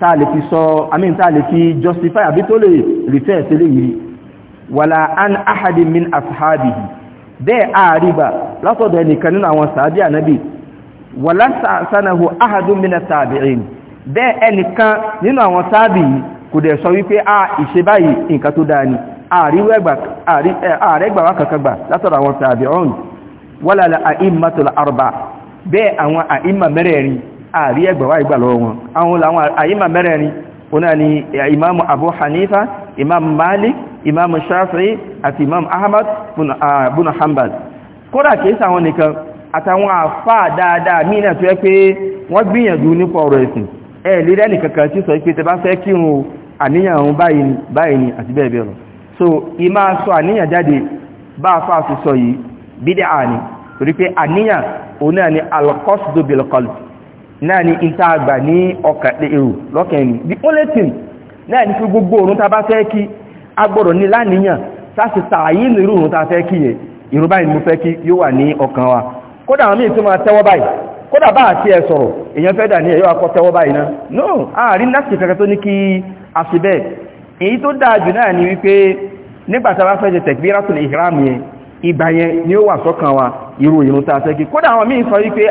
tá a lè fi sọ amín tá a lè fi justify àbí tó lè rìfẹ́ sílé yìí wàlá an ahadi min ashabihi bẹ́ẹ̀ àríbà látọ̀dọ̀ ẹnìkan nínú àwọn sàábí ànábì wàlá sanahu ahadun min asabi'in bẹ́ẹ̀ ẹnìkan nínú àwọn sàábì kò dẹ̀ sọ wípé a ìṣe báyìí nǹkan tó dáa ni ààrẹ gbà wá kankan látọ̀dọ̀ àwọn sàábì ọ̀hún wàlá àìmọ̀tòlá àrùbà bẹ́ẹ̀ àwọn àìmọ̀ mẹ́rẹ̀ẹ̀rin àrí ẹgbẹ̀wà ìgbà lọ́wọ́ wọn àwọn làwọn àyíma mẹ́rẹ̀rin oná ni eh, Imam abu hanifa Imam malik Imam shafi'i àti Imam ahmad bin ah, hanbal kódà kìí sàwọn nìkan àtàwọn àfà dáadáa mínà tó yẹ pé wọ́n gbìyànjú nípa ọ̀rọ̀ ẹ̀sìn ẹ̀ lérẹ́ nìkankan tí sọ pé tẹbá fẹ́ kírun àníyàn òun báyìí ni àti bẹ́ẹ̀ bẹ́ẹ̀ lọ so ìmá sọ àníyàn jáde bá àfà sí sọ yìí bídẹ̀ àní torí pé àníyàn òun náà ni alqasdu náà ni ìta àgbà e ní ọkà èrò lọ́kẹ̀ẹ́ni the only thing náà ni fi gbogbo òrùn ta bá fẹ́ kí ní láníyàn sáti tààyí ní irú òrùn ta fẹ́ kí yẹ irú báyìí fẹ́ kí yóò wà ní ọkàn wa kódà àwọn tó máa tẹ́wọ́ báyìí kódà bá àti ẹ sọ̀rọ̀ dà ní ẹ̀yọ́ akọ tẹ́wọ́ báyìí náà no láti tó ní kí bẹ́ẹ̀ èyí tó dáa jù náà ni wípé nígbà a bá fẹ́ jẹ yẹn ìgbà yẹn wa fẹ́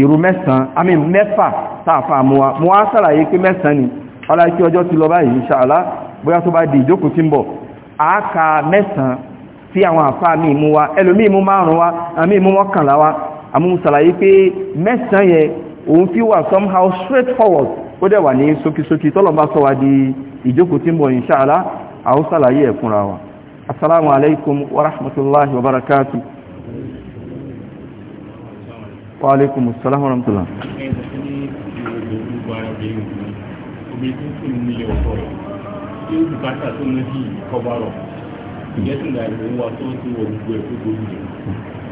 ìrù mẹ́sàn àmì mẹ́fà tààfà àmúwa mú á sàlàyé pé mẹ́sàn ni ọlá kí ọjọ́ ti lọ báyìí ṣàlá bóyá tó bá di ìjókòó tí ń bọ̀ àáka mẹ́sàn tí àwọn àfá mi mú wa ẹlòmíì mú márùn wa àmì mú mọ́kànlá wa àmú sàlàyé pé mẹ́sàn yẹ òun fi wà somehow straightforward ó dẹ̀ wà ní ṣókíṣókí tọ́lọ̀mbá sọ wa di ìjókòó tí ń bọ̀ inshallah àwọn sàlàyé ẹ̀ fúnra wa assalamu alaikum wa rahmatullahi wa barakatuh wa alaikum assalam wa rahmatullah ìyẹ́sùn ìdàgbò wa tó ti wọ gbogbo ẹ̀ tó gbogbo ẹ̀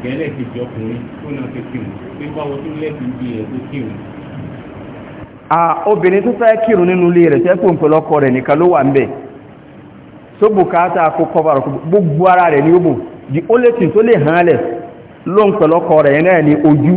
gẹ́lẹ́ kejì ọkùnrin tó náà ti kírun pé báwo tó lẹ́sìn bí ẹ̀ tó kírun. obìnrin tó fẹ́ kírun nínú ilé rẹ̀ tẹ́kù ń pẹ̀lú ọkọ rẹ̀ nìkan ló wà ń bẹ̀ tó bùkátà kó kọ́ba rẹ̀ gbogbo ara rẹ̀ ní òbò di ó lè tì tó lè hàn lẹ̀ ló ń pẹ̀lú ọkọ rẹ̀ náà ní ojú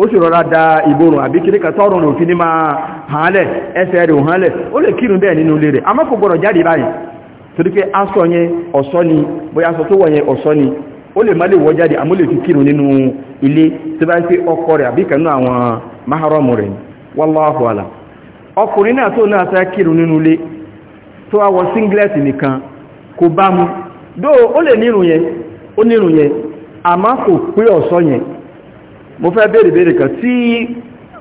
ó sì rọra da ìborùn àbí kiri kan tọ́rùn òfin ní máa hànlẹ̀ ẹsẹ̀ rẹ̀ òhànlẹ̀ ó lè kírun bẹ́ẹ̀ nínú ilé rẹ̀ àmọ́ kò jáde báyìí torí pé aṣọ yẹn ọ̀ṣọ́ ni bóyá aṣọ tó wọ̀ yẹn ọ̀ṣọ́ ni ó lè má lè wọ́ jáde fi kírun nínú ilé tí bá ń ọkọ rẹ̀ àbí kanú àwọn máhárọ̀mù rẹ̀ wallahu singlet nikan mu mo fẹ́ béèrè béèrè kan tí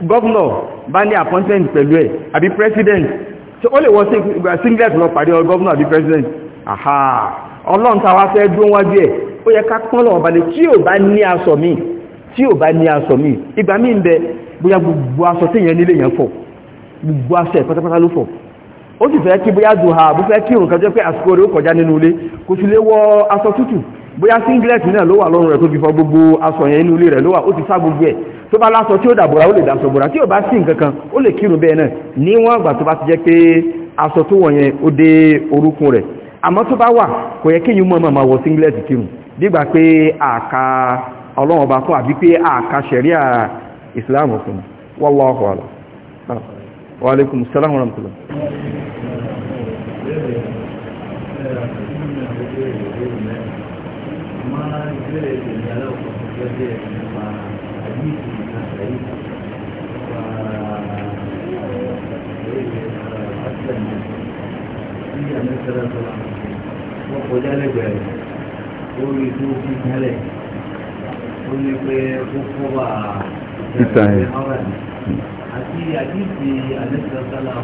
gọ́vnọ̀ bá ní appointment pẹ̀lú ẹ̀ àbí president tí ó lè wọ singlet lọ pàdé gọ́vnọ̀ àbí president àhà ọlọ́run táwa fẹ́ dúró wájú ẹ̀ ó yẹ ká pọ́nlọ̀ ọ̀balẹ̀ tí ò bá ní aṣọ míì tí ò bá ní aṣọ míì ìgbà míì ń bẹ bóyá gbogbo aṣọ tí èèyàn nílé yẹn fọ̀ gbogbo aṣọ ẹ̀ pátápátá ló fọ̀ ó sì fẹ́ kí bóyá dùn ha bó fẹ́ kí òǹkà jẹ́ pé àsìkò rẹ̀ ó kọjá nínú ilé kò sì lè wọ aṣọ tútù bóyá singlet náà ló wà lọ́rùn rẹ̀ tó fi fọ gbogbo aṣọ yẹn inú ilé rẹ̀ ló wà ó ti sá gbogbo ẹ̀ tó bá láṣọ tí ó dàbòrà ó lè dàṣọ bòrà tí ò bá sí nǹkan kan ó lè kírun bẹ́ẹ̀ náà níwọ̀n àgbà tó bá ti jẹ́ pé aṣọ tó wọ̀ yẹn ó dé orúnkún rẹ̀ àmọ́ tó bá wà kò yẹ kéyìn mọ́ máa wọ singlet kírun dígbà pé àka ọlọ́run ọba fún àbí pé àka ṣẹ̀ríà ìsìláàmù fún wallahu a'lam wa alaikum salaam wa rahmatullah wọ́n kọjá lẹ́gbẹ̀ẹ́ rẹ̀ ó rí tó fi tẹ́lẹ̀ ó ní pé ó kọ́ wà ìtàyẹ̀ àti àdìsí alẹ́sàtàlà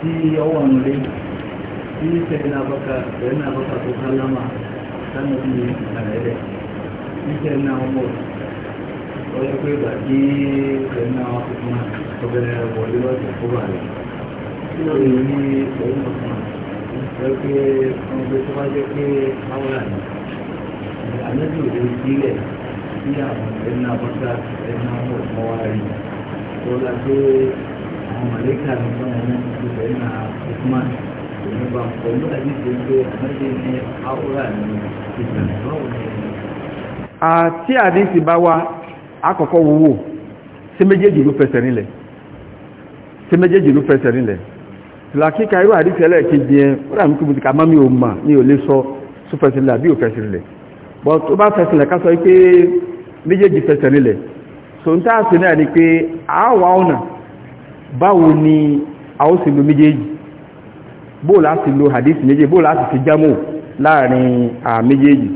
tí ọwọ́ ń lé tí sẹ́gbẹ̀ẹ́ náà bọ́kà sẹ́gbẹ̀ẹ́ tó ká sánà bí àrẹ́rẹ́ níṣẹ́ náà wọ̀ ó yẹ pé ìgbà tí ẹ̀ náà ọkùnrin ọbẹ̀rẹ̀ wọlé lọ́sẹ̀ kó bà rẹ̀ kí ló lè ní òun ọ̀sán ẹ pé ọmọdé tó bá jẹ́ pé áwòrán ni àlejò lè sílẹ̀ sí àwọn ẹ̀ náà bọ́sà ẹ̀ náà wọ̀ mọ́ wa rí tó la pé àwọn mọ̀lẹ́kà ní sọ́nà ní ìfẹ́ náà ọkùnrin ìjọba pẹ̀lú àdíjẹ́ pé àmọ́jẹ́ ní àwòrán ní ìgbà tí àdíjì bá wá àkọ́kọ́ wúwo sí méjèèjì ló fẹsẹ̀ nílẹ̀ sí méjèèjì ló fẹsẹ̀ nílẹ̀ làkíkà irú àdíjì ẹlẹ́ẹ̀kejì ẹ ó dà mí kí mo ti kà má mi ò mà mi ò lè sọ só fẹsẹ̀ nílẹ̀ àbí ò fẹsẹ̀ nílẹ̀ bọ́ tó bá fẹsẹ̀ nílẹ̀ ká sọ pé méjèèjì fẹsẹ̀ nílẹ̀ sòǹtà àti náà ni pé àwa ọ̀nà báwo ni a ó méjèèjì bó láti lo hadith méjì bó láti fi jámù láàrin à méjèèjì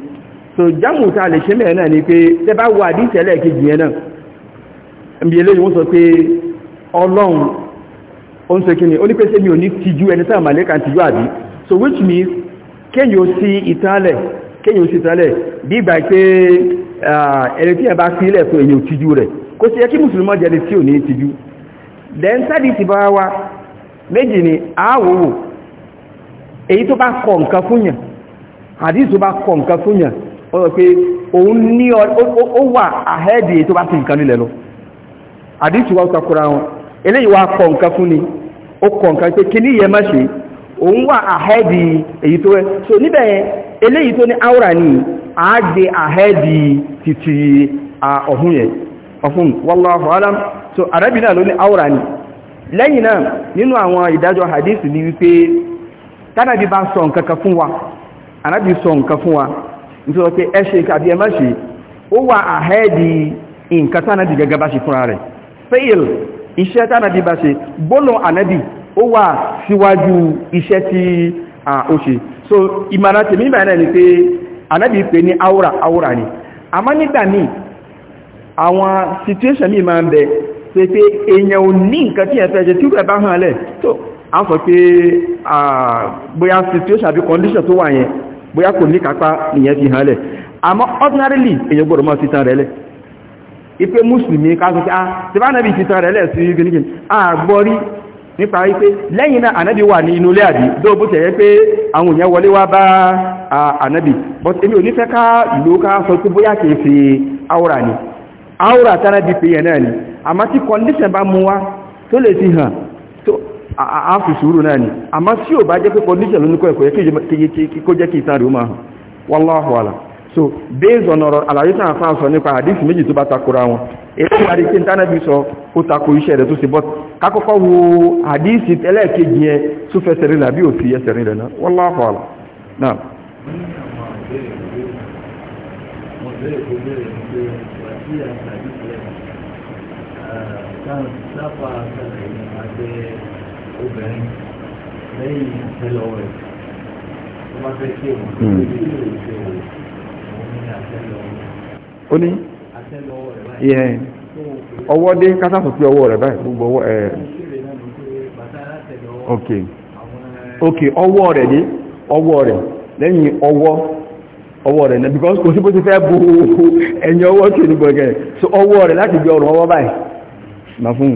so jámù tá lè ṣe mẹ́rin náà ni pé tẹ́ bá wo hadith ẹlẹ́ẹ̀kejì yẹn náà ibi eléyìí wọ́n sọ pé ọlọ́run ó ń sọ ni ó ní pé ṣe ò ní tijú ẹni tá màlẹ́kà tijú àbí so which means kéyò sí ìtàlẹ̀ kéyò sí ìtàlẹ̀ bí ìgbà pé ẹni tí ẹ bá then sáàdì ti bá wa méjì ni èyí tó bá kọ nǹkan fúnyàn hadith tó bá kọ nǹkan fúnyàn ó sọ pé òun ní ó wà àhẹ́dì èyí tó bá fi nǹkan nílẹ̀ lọ hadith wá wọn eléyìí wá kọ nǹkan fún ni ó kọ nǹkan pé kí ní yẹ má ṣe òun wà àhẹ́dì èyí tó rẹ so níbẹ̀ eléyìí tó ní áwòrán ni àhẹ́dì títí ọ̀hún yẹn ọ̀fún so arábìnrin ló ní ni lẹ́yìn náà nínú àwọn tánàbí bá sọ nǹkan kan fún wa anábì sọ nǹkan fún wa nítorí pé ẹ ṣe àbí ẹ má ṣe ó wà àhẹ́ẹ̀dì nǹkan tánàbí gẹ́gẹ́ bá ṣe fúnra rẹ̀ fail iṣẹ́ tánàbí bá ṣe gbónà anábì ó wà síwájú iṣẹ́ tí ó ṣe so ìmọ̀ràn tèmi ìmọ̀ràn ni pé anábì pè ní aura aura ni àmọ́ nígbà míì àwọn situation míì máa ń bẹ pé pé èèyàn ò ní nǹkan tí ẹ fẹ́ ṣe tí ó rẹ̀ bá hàn lẹ̀ a sọ pé bóyá situation àbí condition tó wà yẹn bóyá kò ní kápá nìyẹn fi hàn lẹ̀ àmọ́ ordinarily èyàn gbọ́dọ̀ mọ́ rẹ̀ lẹ̀ a ah, ti bá nẹ́bí titan rẹ̀ lẹ̀ sí gínígín àgbọ́rí nípa wípé lẹ́yìn náà ànábì wà ní inú ilé àbí bó tẹ̀yẹ pé àwọn èèyàn wọlé wá bá anabi. but èmi ò ká ìlú ká sọ pé bóyá kìí fi ni áwòrà tánábì pé yẹn náà ni tí condition bá mú wá tó fi hàn àáfi sùúrù náà ni àmá tí ò bá jẹ́ pé condition ló ní kọ́ ẹ̀kọ́ yẹ kó jẹ́ kí ìtàn rí ó máa hàn wallahu alam so based on ọ̀rọ̀ àlàyé tàn fáà sọ nípa àdísì méjì tó bá takora wọn èyí ìwádìí tí ìntánẹ́bì sọ ó tako iṣẹ́ rẹ̀ tó sì bọ́ kakọ́kọ́ wo àdísì ẹlẹ́ẹ̀kejì yẹn tó fẹsẹ̀ rí làbí ò fi ẹsẹ̀ rí rẹ̀ náà wallahu alam lẹ́yìn àtẹ́lọ rẹ̀ Ọwọ bá fẹ́ kí ọwọ tó lè ṣe ó ní àtẹ́lọ ọwọ́ dé kásásùn pé ọwọ́ rẹ̀ báyìí gbogbo ọwọ́ ẹ̀. ok ok ọwọ́ rẹ̀ dé ọwọ́ rẹ̀ lẹ́yìn ọwọ́ ọwọ́ rẹ̀ náà because kò sí bó ti fẹ́ bó ẹ̀yìn ọwọ́ tí ò so ọwọ́ rẹ̀ láti gbé ọrùn ọwọ́ báyìí ma fún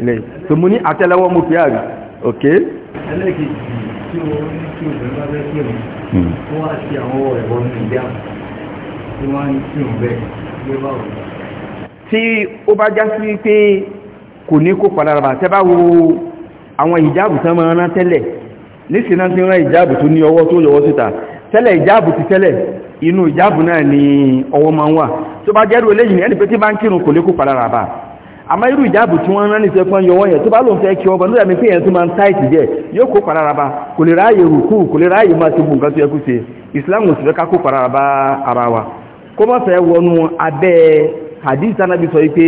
ilẹ̀ so mo ní àtẹ́lẹwọ́ mo fi àrí ẹlẹ́kejì tí ó ní kí obìnrin bá fẹ́ kí òun tó hmm. wá sí àwọn ẹ̀wọ̀ ní ìyá tí wọ́n ń kí òun bẹ́ẹ̀ gbé bá òun. tí ó bá já sí pé kò ní kó padà rà tẹ́ bá wo àwọn ìjáàbù tán máa rán tẹ́lẹ̀ nísìnyí náà ti rán ìjáàbù tó ní ọwọ́ tó yọwọ́ síta tẹ́lẹ̀ ìjáàbù ti tẹ́lẹ̀ inú ìjáàbù náà ni ọwọ́ máa ń wà tó bá jẹ́rù eléyìí ẹni pé tí bá ń kírun kò lè kó padà bá àmá irú ìjáàbù tí wọ́n rán ní sẹ́pọ̀ yọwọ́ yẹn tó bá lóun fẹ́ kí wọ́n gbọ́n lóyàmí pé yẹn tó máa ń táìtì jẹ́ yóò kó pararaba kò lè ráàyè rùkú kò lè ráàyè máa ṣe nǹkan tó yẹ kó ṣe Islam ò sì fẹ́ ká kó pararaba ara wa kó má fẹ́ wọnú abẹ́ hadith anabi sọ pé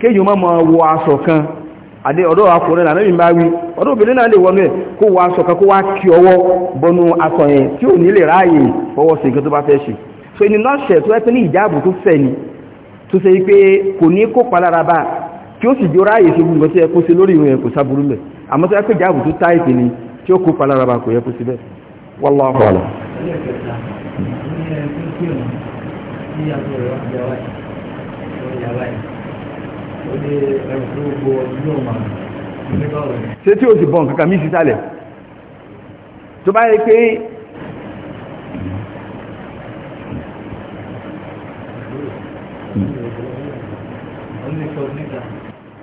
kéèyàn má máa wọ aṣọ kan àdé ọ̀dọ́ akùnrin náà níbi bá wí ọ̀dọ́ obìnrin náà lè wọnú ẹ̀ kó wọ aṣọ kan kó wá kí ọwọ́ bọnú aṣọ yẹn tí ò ní lè ráàyè fọwọ́ sí nǹkan tó bá fẹ́ ṣe so ìnìlọ́ṣẹ̀ tó ẹ́ pé ní ìjáàbù tó fẹ́ ni tó ṣe pé kò ní kó palára bá tí ó sì jọ ráyè sí gbogbo sí ẹkùn sí lórí ìwọ̀n ẹ̀kùn sáburú mẹ́ àmọ́ tó yẹ pé jáàbù tó táìtì ni tí ó kó palára bá kò yẹ kó sí bẹ́ẹ̀ wallahu a'lam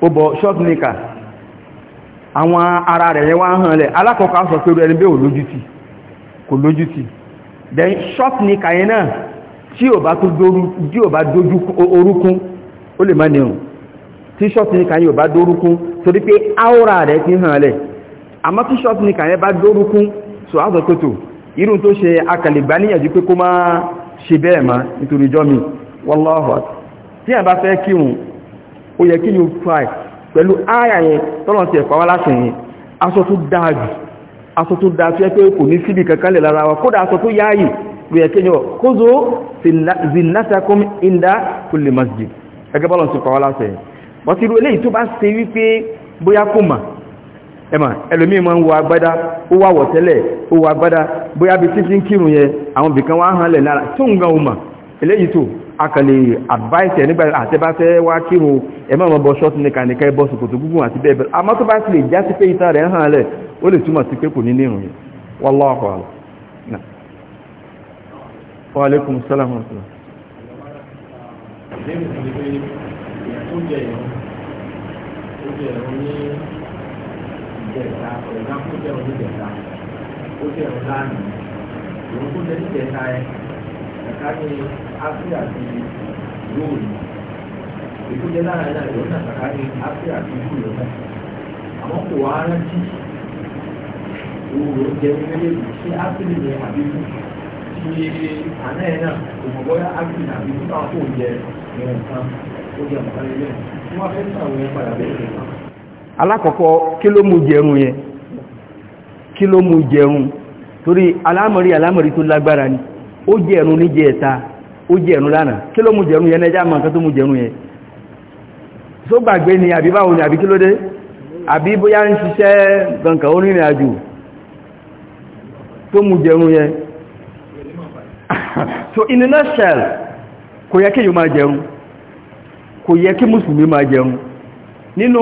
ó bọ̀ ṣọ́pníkà àwọn ara rẹ̀ yẹn wá ń hàn lẹ̀ alákọ̀ọ́kọ́ sọ pé ẹni kò lójútì then ṣọ́pníkà yẹn náà tí ò bá dójú orúkún ó lè má nìyàn tí ṣọ́pníkà yẹn ò bá dórúkún pé rẹ̀ ti hàn lẹ̀ àmọ́ tí yẹn bá dórúkún so sọ tó ṣe níyànjú pé kó má ṣe bẹ́ẹ̀ má nítorí jọ́mi tí ẹ̀ bá fẹ́ kírun o yẹ kí ni ó try pẹ̀lú àyà yẹn tọ́lọ̀ ti ẹ̀pàá wá yẹn aṣọ tó dáa jù aṣọ tó dáa tó yẹ kò ní síbi kankan lè lára wa kódà aṣọ tó yáàyè yẹ kí ni inda masjid ẹgbẹ́ bọ́lọ̀ ti pàwọ́ láti yẹn wọ́n ti rú eléyìí tó bá ṣe wípé bóyá kò mà ẹ̀mà máa ń akàlè advice nígbà àtẹ́báfẹ́ wá kírun ẹmọ́ ọmọ bọ́ ṣọ́tí nìkan nìkan ẹbọ́ sòkòtò gúgùn àti bẹ́ẹ̀bẹ̀ àmọ́ tó bá ti lè jásí pé ìtàn rẹ̀ hàn lẹ̀ ó lè túmọ̀ sí pé kò ní nírun yìí wallahu a'lam wa alaikum salam Ìjẹ̀ta, ọ̀gá kó jẹ́ oníjẹ̀ta, òun kó jẹ́ oníjẹ̀ta ẹ, ẹ̀ka ní áfíríà ti lóòrì èkó jẹ́ lára ẹ̀dá ìlú náà kàkà ní áfíríà ti kú lọ náà àmọ́ kò wá rántí òwúrò jẹ́ méjèèjì sí áfíríà ní àbíkú ti àná ẹ̀ náà kò mọ̀ bọ́yá áfíríà àbíkú náà kò jẹ ìrìn kan ó jẹ nǹkan lélẹ̀ tí wọ́n fẹ́ sàwọn yẹn padà bẹ́ẹ̀ alákọ̀ọ́kọ́ kí ló mú jẹun yẹn kí ló mú jẹun torí alámọ̀rí alámọ̀rí tó lágbára ni ó jẹ̀rún ní jẹta ó jẹ̀rún lánàá kí ló mú jẹ̀rún yẹn ẹjá mọ̀ nǹkan tó mú jẹ̀rún yẹn tó gbàgbé ni àbí báwo ni àbí kí ló dé àbí bóyá ń ṣiṣẹ́ gbọǹkà onírìn so in a kò mùsùlùmí nínú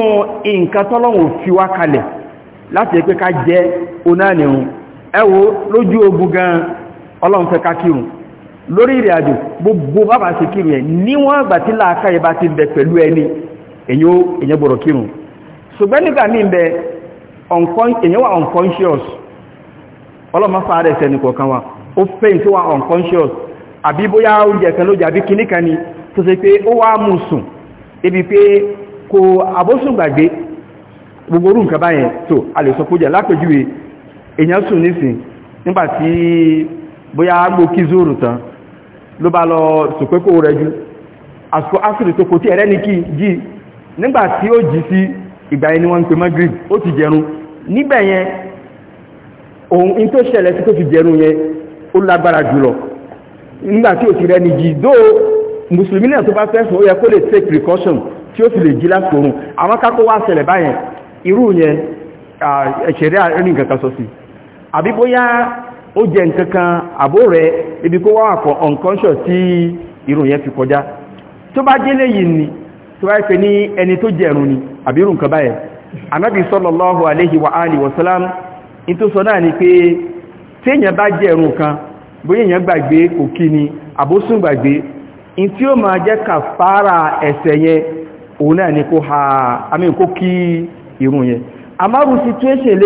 lójú ogun gan ọlọ́run fẹ́ ká kírun lórí ìrìn àjò gbogbo bàbá ṣe kírun ẹ̀ níwọ̀n àgbà tí láàká ìbá ti bẹ̀ pẹ̀lú ẹni èyàn gbọ́dọ̀ kírun ṣùgbọ́n nígbà míì bẹ èyàn wà unconscious ọlọ́mọ fà rẹ̀ sẹ́ni kọ̀ọ̀kan wa ó unconscious àbí bóyá oúnjẹ kan ló jẹ àbí kíní kan ni tó ṣe pé ó wá mú sùn ebi pé kò àbósùn gbàgbé èyàn sùn nísìn nígbàtí bóyá agbó kí zóòrù tán ló bá lọ sòpékò rẹ̀ jú àsìkò áfìrì tó kò tí ẹ̀rẹ́ ní kí jí nígbà tí ó jí sí ìgbà ẹni wọ́n ń pè magrib ó ti jẹrun níbẹ̀ yẹn ohun in tó ṣẹlẹ̀ sí tó fi jẹrun yẹn ó lágbára jùlọ nígbà tí ò ti rẹ̀ ní jí dó mùsùlùmí náà tó bá fẹ́sùn ó yẹ kó lè take precaution tí ó fi lè jí lásìkò oorun àwọn kákó wá ṣẹlẹ̀ báyẹn irú yẹn ẹ̀ṣẹ̀rẹ́ àárín nǹkan kan sọ sí àbí bóyá ó jẹ nkankan àbó rẹ ibi kó wá àkọ̀ unconscious tí irun yẹn fi kọjá tó bá jẹ́ lẹ́yìn ni tó bá ìfẹ́ ní ẹni tó jẹ̀rùn ni àbí irun kan báyẹ̀ anábi sallallahu Aleyhi wa alihi wa in tó sọ náà ni pé téèyàn bá jẹ̀rùn kan bóyá èèyàn gbàgbé kò kí ni àbósùn gbàgbé in tí ó máa jẹ́ kàfàrà ẹ̀ṣẹ̀ yẹn òun náà ni kó ha àmì kí irun yẹn àmárù situation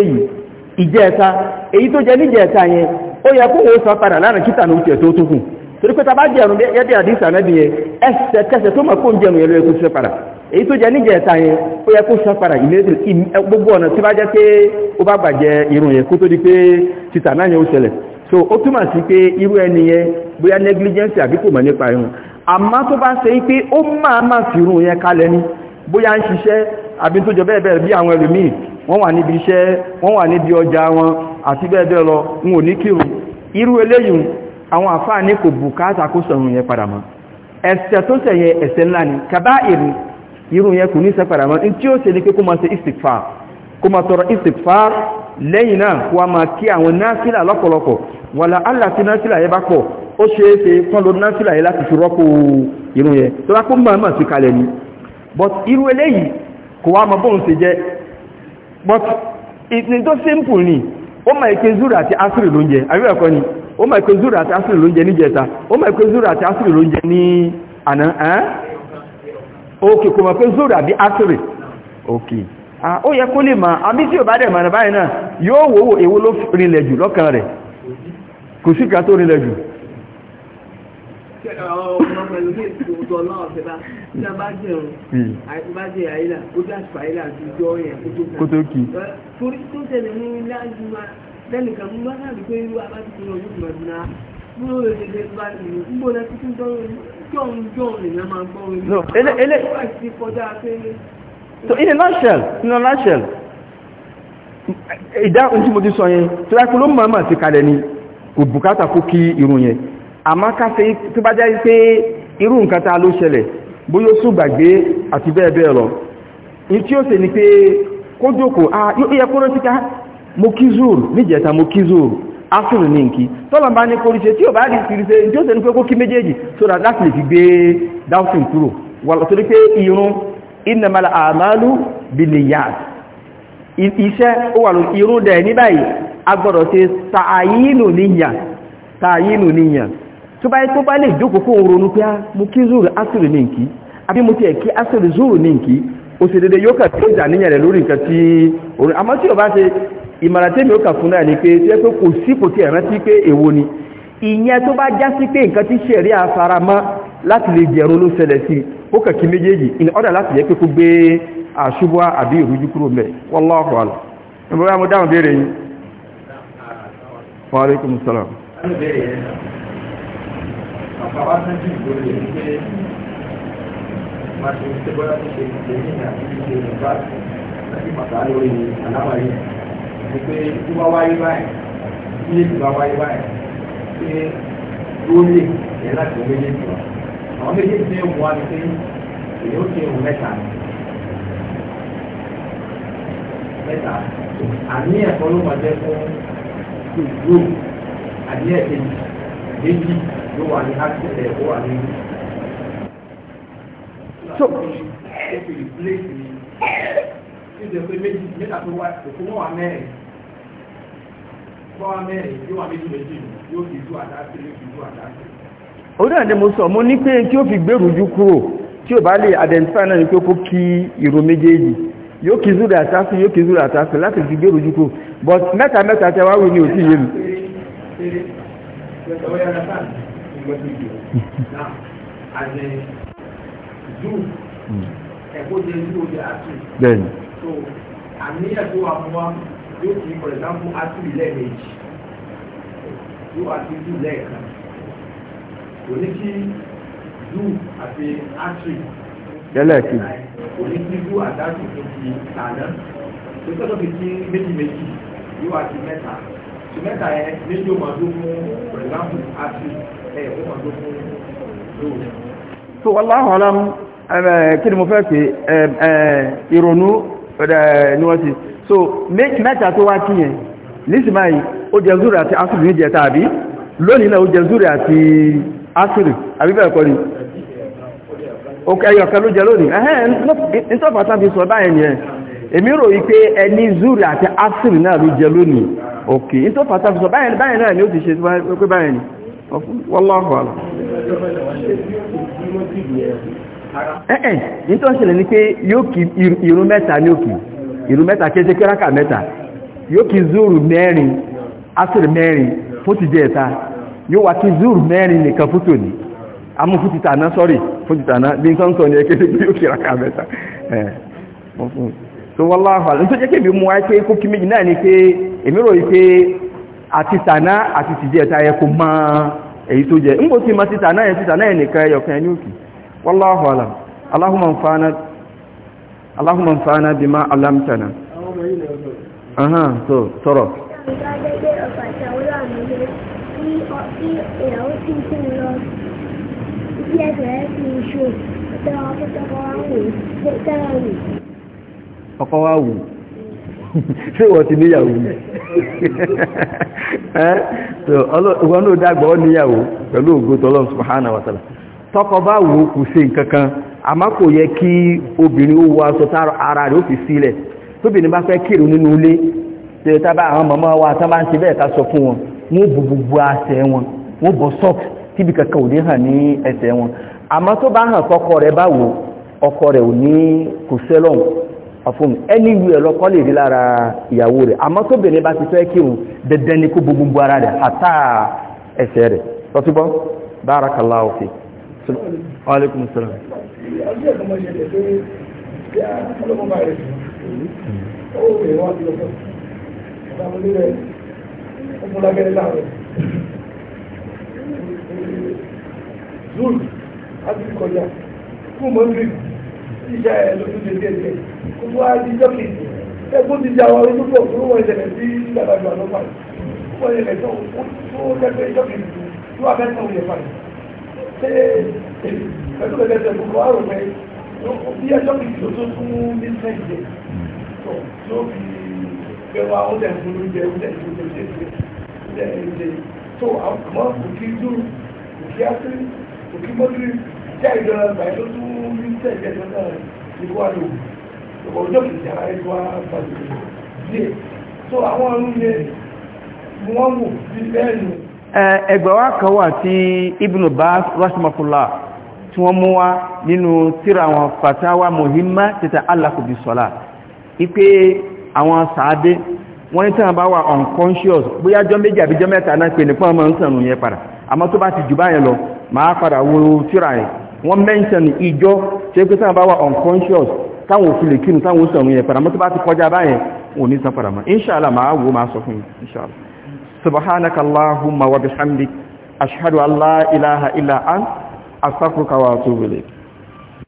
ìjẹta èyí tó jẹ níjẹta yẹn ó yẹ kó wọ́n san padà lára kíta ní oúnjẹ tó tó kù torí pé tàbá jẹun yẹ́bí àdísà náà bí yẹn ẹsẹ̀ kẹsẹ̀ tó mọ̀ kó ń jẹun yẹn ló yẹ kó san padà èyí tó jẹ níjẹta yẹn ó yẹ kó san padà gbogbo ọ̀nà tí bá jẹ́ pé ó bá gbàjẹ irun yẹn kó tó di pé títà náà yẹn ó ṣẹlẹ̀ so ó túmọ̀ sí pé irú ẹni yẹn bóyá negligence àbí kò mọ̀ nípa irun àmọ́ tó bá ṣe pé ó máa máa fi irun yẹn kalẹ̀ ni bóyá ń ṣiṣẹ́ àbí tó jọ bẹ́ẹ̀ bẹ́ẹ̀ bí àwọn ẹlòmíì wọ́n wà níbi iṣẹ́ wọ́n wà níbi ọjà wọn àti bẹ́ẹ̀ bẹ́ẹ̀ lọ wọn ò ní kírun irú eléyìí àwọn àfáà ní kò bùkátà kó sọ̀rùn yẹn padà mọ́ ẹ̀ṣẹ̀ tó ṣẹ̀ yẹn ńlá ni kàbáìrì irú yẹn kò ní ṣe padà mọ́ tí ó ṣe ní pé kó máa ṣe istikfar kó máa tọrọ Allah tí náfìlà yẹn bá pọ̀ ó ṣe é ṣe kán ló náfìlà yẹn láti fi but irú eléyìí kò wá but ni to simple ni o ma ike zura ti asiri lo nje ayo eko o ma ike zura ti asiri lo nje ni jeta o ma ike zura ti asiri lo nje ni ana eh okay ko ma bi asiri oke ah o ye ko ma abi ti o ba de ma na bayi na yo wo wo lo rin leju lokan re kusi to rin kó tó kì í. torí tó tẹ̀lé mú láàájú wa lẹ́nìkan mú bá sáàbì pé irú abájú tó lọ yóò máa dùnà búrò lè ṣe bá ìlú gbogbo náà títí dọ́rọ̀ jọ̀hún jọ̀hún nìyẹn máa gbọ́ orin. no ele ele. so in a nutshell in a nutshell ìdáhùn tí mo ti sọ yẹn tí wọ́n á kó ló máa máa ti kalẹ̀ ni kò bùkátà kó kí irun yẹn. àmọ́ káṣe tó bá jẹ́ pé irú nǹkan ta ló ṣẹlẹ̀ bóyó súgbàgbé àti bẹ́ẹ̀ bẹ́ẹ̀ lọ ní tí ó sì a pé kó jókòó à ah, yẹ kó ah, níjẹta mo kí ní nkí tọ́lọ̀ bá tí bá rí tí ó ní pé kó so that lè fi gbé kúrò a'malu iṣẹ́ ó wà lórí irun dẹ̀ ní báyìí agbọ́dọ̀ ṣe tààyínù níyà tó báyé tó bá lè jókòó ronú pé ah, mo kí zuru asiri ní nkí àbí mo ti ẹ̀kí asiri zuru ní nkí ó sì dédé yóò kà tó ìdàníyàn rẹ̀ lórí nǹkan tí orin àmọ́ tí o bá ṣe ìmọ̀ràn tẹ́mi ó kà fún náà ni pé tí ẹ pé kò sí kò tí ẹ̀ rántí pé èwo ni ìyẹn tó bá já sí pé nǹkan tí ṣẹ̀rí àfaramọ́ láti lè jẹ̀rún ló ṣẹlẹ̀ sí ó kàkí méjèèjì in order láti yẹ pé kó gbé àṣubú àbí ìrújú kúrò mẹ́ wallahu a'lam bàbá tó jù lórí ẹ̀ pé máa ṣe ṣe bọ́lá tó ṣe ṣe ní àti ṣe ìgbà láti pàtà lórí àlámà yìí ni pé tó bá wáyé báyìí bí èdè bá wáyé báyìí pé ó lè yẹ láti wọ́n méjèèjì wá àwọn méjèèjì ní ìwọ̀n àti pé èyí ó ṣe ìwọ̀n mẹ́ta mẹ́ta àní ẹ̀kọ́ ló máa jẹ́ fún ìlú àdíẹ̀kejì méjì ló wà ní access ẹ̀ ó wà ní ìlú. so ẹ fi replace mi ṣé ìjọba pé méjì mẹ́ta tó wá òkú wọn wà mẹ́rin bọ́wá mẹ́rin yóò wà méjì méjì yóò fi ju àdáṣe yóò fi ju àdáṣe. orí àdé mo sọ mo ní pé tí ó fi gbèrú ojú kúrò tí ò bá lè identify náà ni pé kó kí ìró méjèèjì yóò kí zúrò àtàkùn yóò kí zúrò àtàkùn láti fi gbèrú ojú kúrò but mẹ́ta mẹ́ta tẹ wá ní òsì yé Hmm. what we a Jew, hmm. ẹ̀kọ́ jẹ́ Jew ó jẹ́ atri. bẹ́ẹ̀ni. so àníyàn tó wà fún wa yóò fi for example atri lẹ́ẹ̀mejì yóò àti Jew lẹ́ẹ̀kan kò ní kí Jew àti atri. lẹ́lẹ́kì. kò ní kí Jew àti atri tó ti tàná. tó tọ́jú fi kí méjì méjì yóò àti mẹ́ta. mẹ́ta yẹn méjì ó máa dún fún for example atri so wallahu alam kí ni mo fẹ́ pé ìrònú ni wọ́n ti so mẹ́ta tó wá kíyẹn nísìmáyì ó jẹ zúrì àti asìrì ní jẹta àbí lónìí náà ó jẹ zúrì àti asìrì àbí bẹ́ẹ̀ kọ́ ni ẹyọ̀kan ló jẹ lónìí ẹ̀hẹ́n nítọ́fàtà fi sọ báyẹ̀ nìyẹn èmi rò yí pé ẹni zúrì àti asìrì náà ló jẹ lónìí òkè nítọ́fàtà fi sọ báyẹ̀ náà ni ó ti ṣe pé báyẹ̀ nìyẹn wọ́láhùn àlà ẹ̀ẹ̀ ní tó ń ṣẹlẹ̀ ní pé yóò kí ìrun mẹ́ta ní òkè ìrun mẹ́ta kéèṣe kíráka mẹ́ta yóò kí zúrù mẹ́rin asìrì mẹ́rin fún ti jẹ́ ẹ̀ta yóò wá kí zúrù mẹ́rin nìkan fún tòní amú fún títà náà sọ́rì fún títà náà bí nǹkan sọ ní ẹkẹ́ sí pé yóò kíráka mẹ́ta ẹ̀ so wọ́láhùn àlà ní tó jẹ́ kébì mú wáyé pé kókí méjì náà ni pé èyí tó jẹ́ ńgbò tí ma títà náà yẹn títà náà yẹn nìkan ẹyọkan ẹni òkè wallahu alam allahumma nfa'na allahumma nfa'na bima allamtana aha so sọ̀rọ̀ ọkọ̀ wá wù ṣé wọ́n ti níyàwó mi ẹ́ ọ́ níyàwó pẹ̀lú kù sí kò yẹ kí obìnrin ó ara rẹ̀ ó fi sílẹ̀ tóbìnrin bá nínú ilé tábà màmá wa ń sọ fún wọn wọ́n bu gbogbo àṣẹ wọn wọ́n tíbi ní hàn ní ẹsẹ̀ wọn àmọ́ hàn kọ́kọ́ rẹ̀ bá wò rẹ̀ ò ní kò afun anywhere lọ́kọ́ lè rí lára ìyàwó rẹ̀ àmọ́ tó bèèrè bá ti fẹ́ kírun dandan ní kó gbogbo ara rẹ̀ àtà ẹsẹ̀ rẹ̀ lọ́túbọ́ barakallahu fi alaikum salam Zul, a ti kọjá, fún mọ́ iṣẹ́ ẹ̀ lójú dédé ẹ̀ kó tó wá di jọ́kì ẹgbó ti jà wọn lójú pọ̀ tó wọ́n ìṣẹ̀lẹ̀ sí ìdàgbàjọ àlọ́pàá wọ́n ìṣẹ̀lẹ̀ tó lẹ́gbẹ̀ẹ́ jọ́kì tó wà fẹ́ tán òye fàyè ṣé pẹ̀lú pẹ̀lú ẹsẹ̀ gbogbo àrò pé bí ẹjọ́ kìí tó tí àìjọ ẹgbà tó tún rí tẹ̀lé ẹjọ́ náà ti kan wà tí ibùnú bá rásìmọ́kúnlá tí wọ́n mú wá nínú tíra wọn fatawa muhimma títà alákòbí sọ́lá ipe àwọn sàádé wọ́n ní tí wọ́n bá wà unconscious bóyá jọ méjì àbíjọ mẹ́ta náà pè nípa ọmọ ń sànù yẹn padà àmọ́ tó bá ti jù báyẹn lọ máa padà wo tíra yẹn wọ́n mention ìjọ tí ó pé sáà bá wà unconscious táwọn òfin lè kírun táwọn òsàn yẹn padà mọ́ tó bá ti kọjá báyẹn ò ní san padà mọ́ inṣàlá máa wò máa sọ fún inṣàlá subhanaka allahumma wa bihamdik ashhadu ilaha illa ant astaghfiruka wa atubu